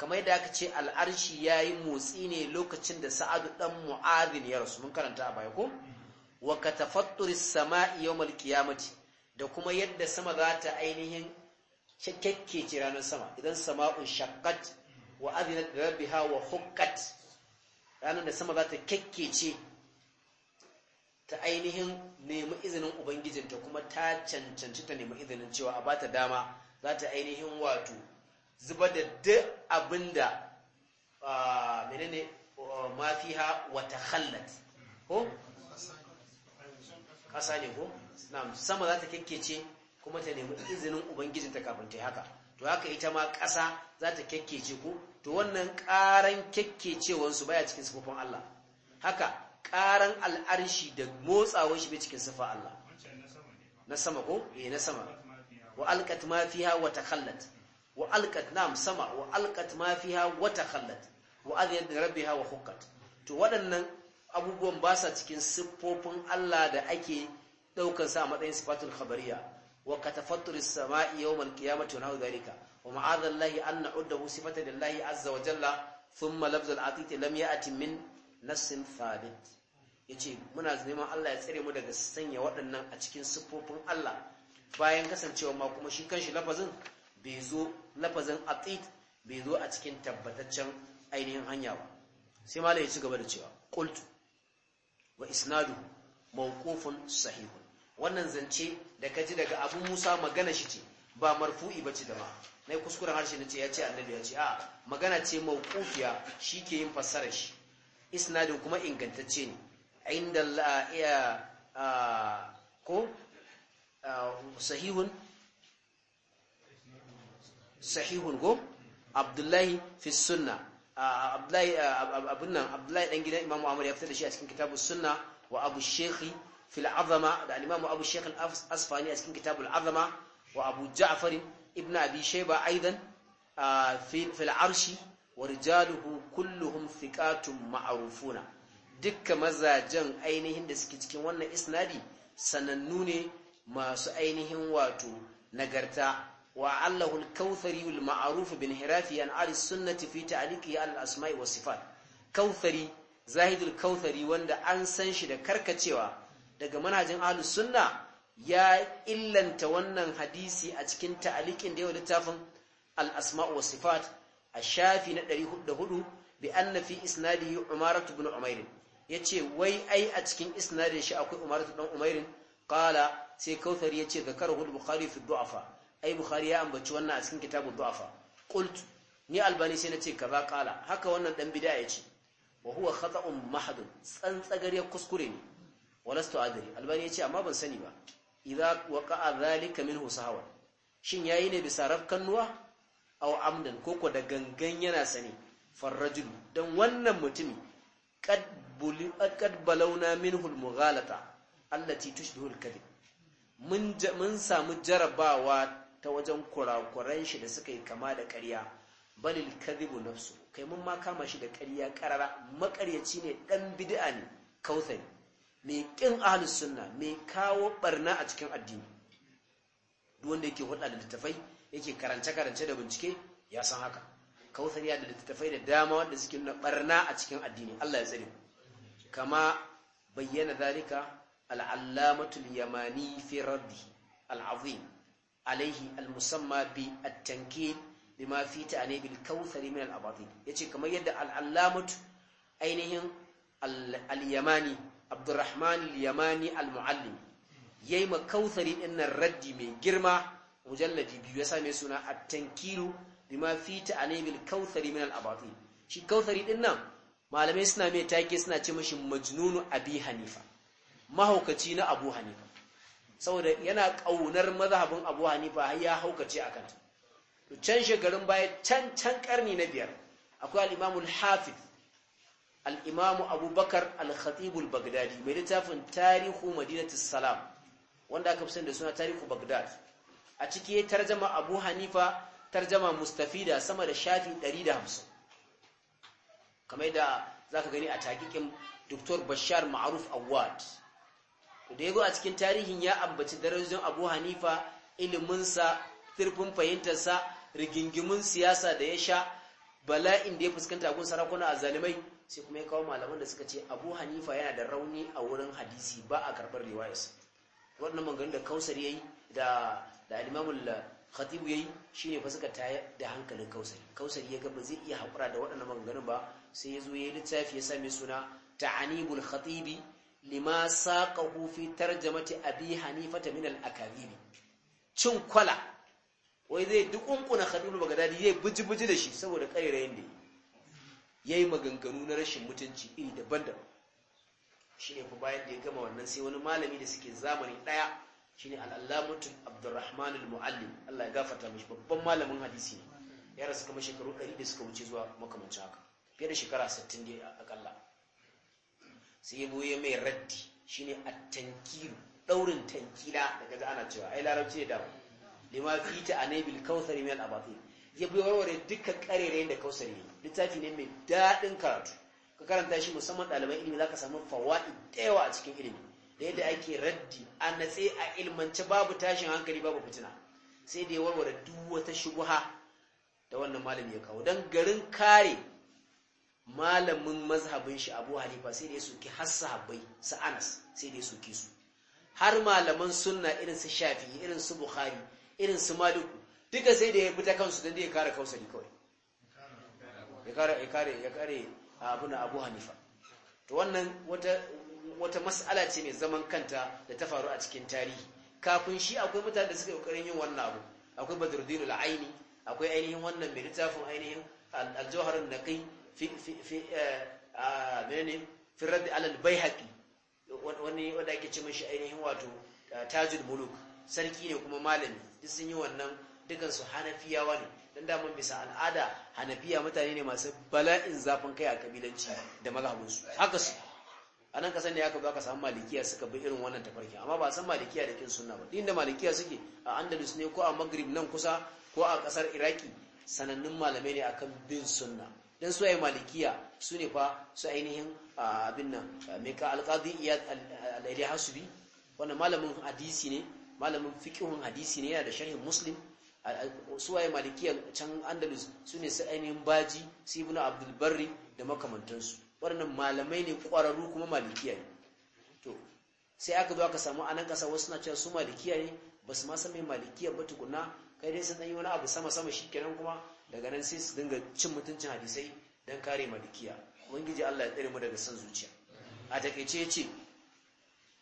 kamar yadda aka ce al'arshi ya yi motsi ne lokacin da sa'adu ɗan mu'adin ya rasu mun karanta a baya ko wa ka tafatturi sama'i yau malkiyamati da kuma yadda sama za ta ainihin kyakkyace ranar sama idan sama'un shakkat wa azinat rabbi wa hukkat ranar da sama za ta kyakkyace ta ainihin nemi izinin ubangijinta kuma ta cancanci ta nemi izinin cewa a ba ta dama za ta ainihin wato Zuba da duk abinda ah, menene ah, mafiha wata hallat ko ƙasa ne ko na sama za ta kekkece kuma ta nemi izinin ubangijinta kafin ta haka to haka ita ma ƙasa za ta kekkece ko to wannan ƙaran kekkecewansu baya cikin sifofin Allah haka ƙaran al'arshi da motsawar shi bai cikin sufa Allah na sama ko eh na sama wa alqat ma fiha wata takhallat wa sama wa alqat ma fiha wa takhallat wa adiyat rabbiha wa hukkat to waɗannan abubuwan ba sa cikin siffofin Allah da ake daukar sa a matsayin sifatul khabariya wa katafattur as-sama'i yawm al-qiyamati wa nahu dhalika wa ma'adallahi an na'uddahu sifatan lillahi azza wa jalla thumma lafz al-atiti lam ya'ti min nassin thabit yace muna neman Allah ya tsare mu daga sanya waɗannan a cikin siffofin Allah bayan kasancewa ma kuma shi kanshi lafazin bai zo lafazin atit bai zo a cikin tabbataccen ainihin hanya ba sai ma ya ci gaba da cewa Kultu, wa isnadu mawqufun sahihun wannan zance da kaji daga abu Musa magana shi ce ba marfu'i bace da ma nayi kuskuren harshe nace ya ce annabi ya ce a magana ce shi ke yin fassarar shi isnadin kuma ingantacce ne inda ko sahihun sahihun go abdullahi fi sunna ah, abdullahi ah, abun nan abdullahi dan gidan imamu amr ya fitar da shi a cikin kitabu sunna wa abu shekhi fil da imamu abu shekhi asfani a cikin kitabul azama wa abu ja'far ibn abi shayba aidan ah, fi fil wa rijaluhu kulluhum thiqatun ma'rufuna dukkan mazajen ainihin da suke cikin wannan isnadi sanannu ne masu ainihin wato nagarta وعله الكوثري المعروف بانحرافه عن اهل السنه في تعليقه على الاسماء والصفات كوثري زاهد الكوثري wanda an san shi da karkacewa daga manhajin ahlus sunna ya illanta wannan hadisi a cikin ta'liqin da yau littafin al asma' sifat a shafi na 404 bi anna fi isnadihi bin ibn umair yace wai ai a cikin isnadin shi akwai Umaratu ibn umair qala sai kauthari yace zakara al bukhari fi du'afa ai bukhari ya ambaci wannan a cikin kitabu du'afa qult ni albani sai nace kaza qala haka wannan dan bid'a yace wa huwa khata'un mahdun tsantsagare kuskure ne walastu adri albani yace amma ban sani ba idza waqa'a dhalika minhu sahwa shin yayi ne bisa rafkannuwa aw amdan koko da gangan yana sani farrajul dan wannan mutumi qad qad balawna minhu almughalata allati tushbihu alkadhib mun mun samu jarabawa ta wajen kurakuran shi da suka yi kama da ƙarya balil kadhibu nafsu kai mun ma kama shi da ƙarya karara makaryaci ne dan bid'a ne kautsari mai kin ahlus sunna mai kawo barna a cikin addini duk wanda yake hudda da littafai yake karance karance da bincike ya san haka ya da littafai da dama wanda suke na barna a cikin addini Allah ya tsare kama bayyana zalika al-allamatul yamani fi raddi al-azim alaihi al-musamma bi at-tankid bima fi ta'nib al-kawthari min al-abatin yace kamar yadda al-allamut ainihin al-yamani abdurrahman al-yamani al-muallim yayi ma kawthari din nan raddi mai girma mujalladi biyu ya same suna at-tankiru bima fi ta'nib al-kawthari min al shi kawthari din nan malamai suna mai take suna ce mashi majnunu abi hanifa mahaukaci na abu hanifa saboda yana ƙaunar mazhabin abu hanifa har ya haukace a kanta to can shekarun baya can can karni na biyar akwai al-imamu al-hafiz al-imamu abubakar al-khatib al-baghdadi mai littafin tarihu madinatu salam wanda aka fi da suna tarihu baghdad a ciki ya tarjama abu hanifa tarjama mustafida sama da shafi 150 kamar da zaka gani a takikin Dr. Bashar Ma'ruf Awad to da a cikin tarihin ya ambaci darajar Abu Hanifa iliminsa turfin fahimtarsa rigingimun siyasa da ya sha bala'in da ya fuskanta gun sarakuna a zalimai sai kuma ya kawo malaman da suka ce Abu Hanifa yana da rauni a wurin hadisi ba a karbar riwayarsa wannan maganganun da Kausar yayi da da alimamul imamul Khatib yayi shine fa suka ta da hankalin kausar kausar ya ba zai iya hakura da waɗannan maganganun ba sai ya zo ya littafi ya same suna Ta'anibul Khatibi lima saqahu fi tarjamati abi hanifata min al-akabir cin kwala wai zai dukunkuna khadul ya yi buji-buji da shi saboda kairayin da yayi maganganu na rashin mutunci iri daban-daban shine ku bayan da ya gama wannan sai wani malami da suke zamani ɗaya. shine al-allamatu abdurrahman al-muallim Allah ya gafata mashi babban malamin hadisi ne ya rasu kuma shekaru 100 da suka wuce zuwa makamancin haka fiye da shekara 60 a ƙalla. sai ya ya mai raddi shine a tankiru daurin tankila daga ga ana cewa ai larabci ne dama lima fi ta anabil kautsari min a ya bi warware duka karerayen da kausari ne littafi ne mai daɗin karatu ka karanta shi musamman ɗaliban ilimi zaka samu fawaɗi da a cikin ilimi da yadda ake raddi a natse a ilmance babu tashin hankali babu fitina sai da ya warware duk wata shubuha da wannan malami ya kawo don garin kare malamin mazhabin shi abu halifa sai da ya suke hassa habai su anas sai da ya suke su har malaman sunna irin su shafi irin su bukhari irin su maliku duka sai da ya fita kansu don da ya kare ne kawai ya kare ya kare ya kare abuna abu halifa to wannan wata wata mas'ala ce mai zaman kanta da ta faru a cikin tarihi kafin shi akwai mutane da suka yi kokarin yin wannan abu akwai badruddin al akwai ainihin wannan mai littafin ainihin al-jawhar kai. fi fi eh, a menene fi alal baihaqi wani wanda ake ce mashi ainihin wato eh, Tajir muluk sarki ne kuma malami duk sun yi wannan dukan su hanafiyawa ne dan da bisa al'ada hanafiya mutane ne masu bala'in zafin kai a kabilanci da mazhabin haka su a nan kasar da ya kaba ka samu malikiya suka bi irin wannan tafarki amma ba san malikiya da kin sunna ba din da malikiya suke a andalus ne ko a maghrib nan kusa ko a kasar iraki sanannun malamai ne akan bin sunna dan su ai malikiya su ne fa su ainihin abin nan me ka alqadi iyad al-ilahi hasubi wannan malamin hadisi ne malamin fiqhun hadisi ne yana da sharhin muslim su ai malikiya can andalus su ne su ainihin baji su ibnu abdul barri da makamantansu wannan malamai ne ƙwararru kuma malikiya ne to sai aka zo aka samu anan kasa ƙasa wasu na cewa su malikiya ne ba su ma san mai malikiya ba tukuna kai dai sun yi wani abu sama sama shi kenan kuma daga nan sai su dinga cin mutuncin hadisai don kare malikiya ubangiji Allah ya tsare mu daga san zuciya a takeice yace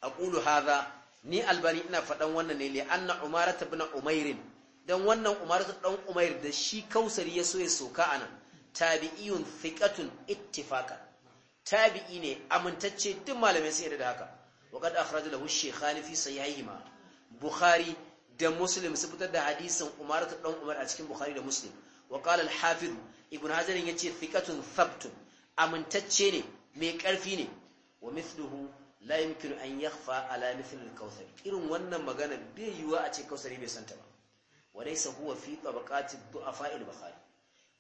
aqulu hadha ni albani ina faɗan wannan ne li anna umarata ibn umairin dan wannan umaratu dan umair da shi kausari ya so ya soka anan tabi'iyun thiqatun ittifaka tabi'i ne amintacce duk malamai sai da haka وقد أخرج له الشيخان في صحيحهما بخاري da Muslim su fitar da hadisin umara ta dan Umar a cikin Bukhari da Muslim wa qala al-hafiz ibn hajar yace thiqatun thabtun amintacce ne mai karfi ne wa mithluhu la yumkinu an yakhfa ala mithl al-kautsar irin wannan magana bai yiwa a ce kausari bai santa ba wa laysa huwa fi tabaqati du'afa al-bukhari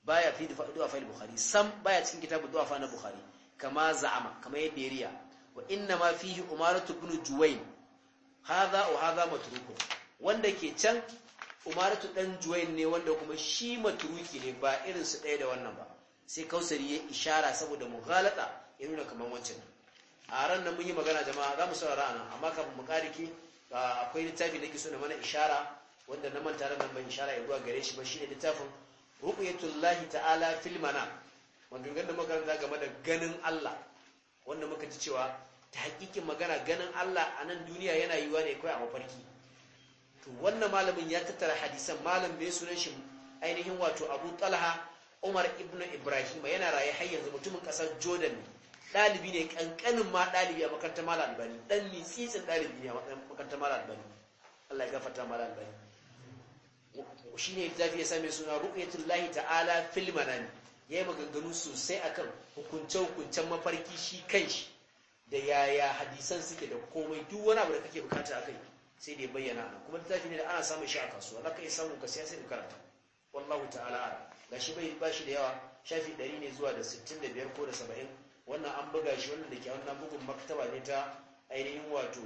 baya fi du'afa al-bukhari sam baya cikin kitabu du'afa na bukhari kama za'ama kama yadda riya wa inna ma fihi umaratu ibn juwayn hadha wa hadha matrukun wanda ke can umaratu dan juwain ne wanda kuma shi maturuki ne ba irin su ɗaya da wannan ba sai kausari ya ishara saboda mughalata ya nuna kamar wancan a ran nan mun yi magana jama'a za mu saurara anan amma kafin mu kariki akwai littafi da ke so na mana ishara wanda na manta da nan ban ishara ya zuwa gare shi ba shine littafin ruqyatullahi ta'ala fil manam maganganun da makaranta game da ganin Allah wanda muka ji cewa ta hakikin magana ganin Allah a nan duniya yana yiwa ne kawai a mafarki to wannan malamin ya tattara hadisan malam bai sunan shi ainihin wato abu talha umar Ibn ibrahim yana raye har yanzu mutumin kasar jordan ne Dalibi ne kankanin ma ɗalibi a makarantar malam albani ɗan mitsitsin dalibi ne a makarantar malam albani allah ya gafarta malam albani shi ne zafi ya same suna ru'yatul lahi ta'ala fil manami ya yi maganganu sosai akan hukunce-hukuncen mafarki shi kanshi da yaya hadisan suke da komai duk wani abu da kake bukata akai sai da ya bayyana nan kuma littafi ne da ana samun shi a kasuwa za ka samun ka siya sai da karanta wallahu ta'ala ga shi bai ba shi da yawa shafi ɗari ne zuwa da sittin da biyar ko da saba'in wannan an buga shi wannan da ke wannan bugun maktaba ne ta ainihin wato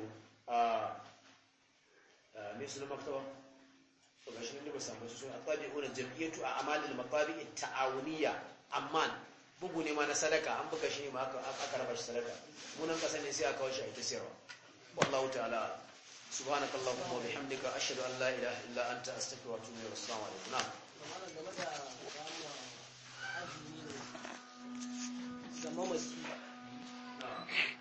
a mai sunan maktaba to ga shi ne ba samu su ko da jam'iyyatu a amalil in ta'awuniya amman bugu ne ma na sadaka an buga shi ne ma aka raba shi sadaka munan kasa ne sai a kawo shi a ita sayarwa wallahu ta'ala subhanakallahumma wa bihamdika ashhadu an la ilaha illa anta astaghfiruka wa atubu ilayk assalamu alaikum na'am game da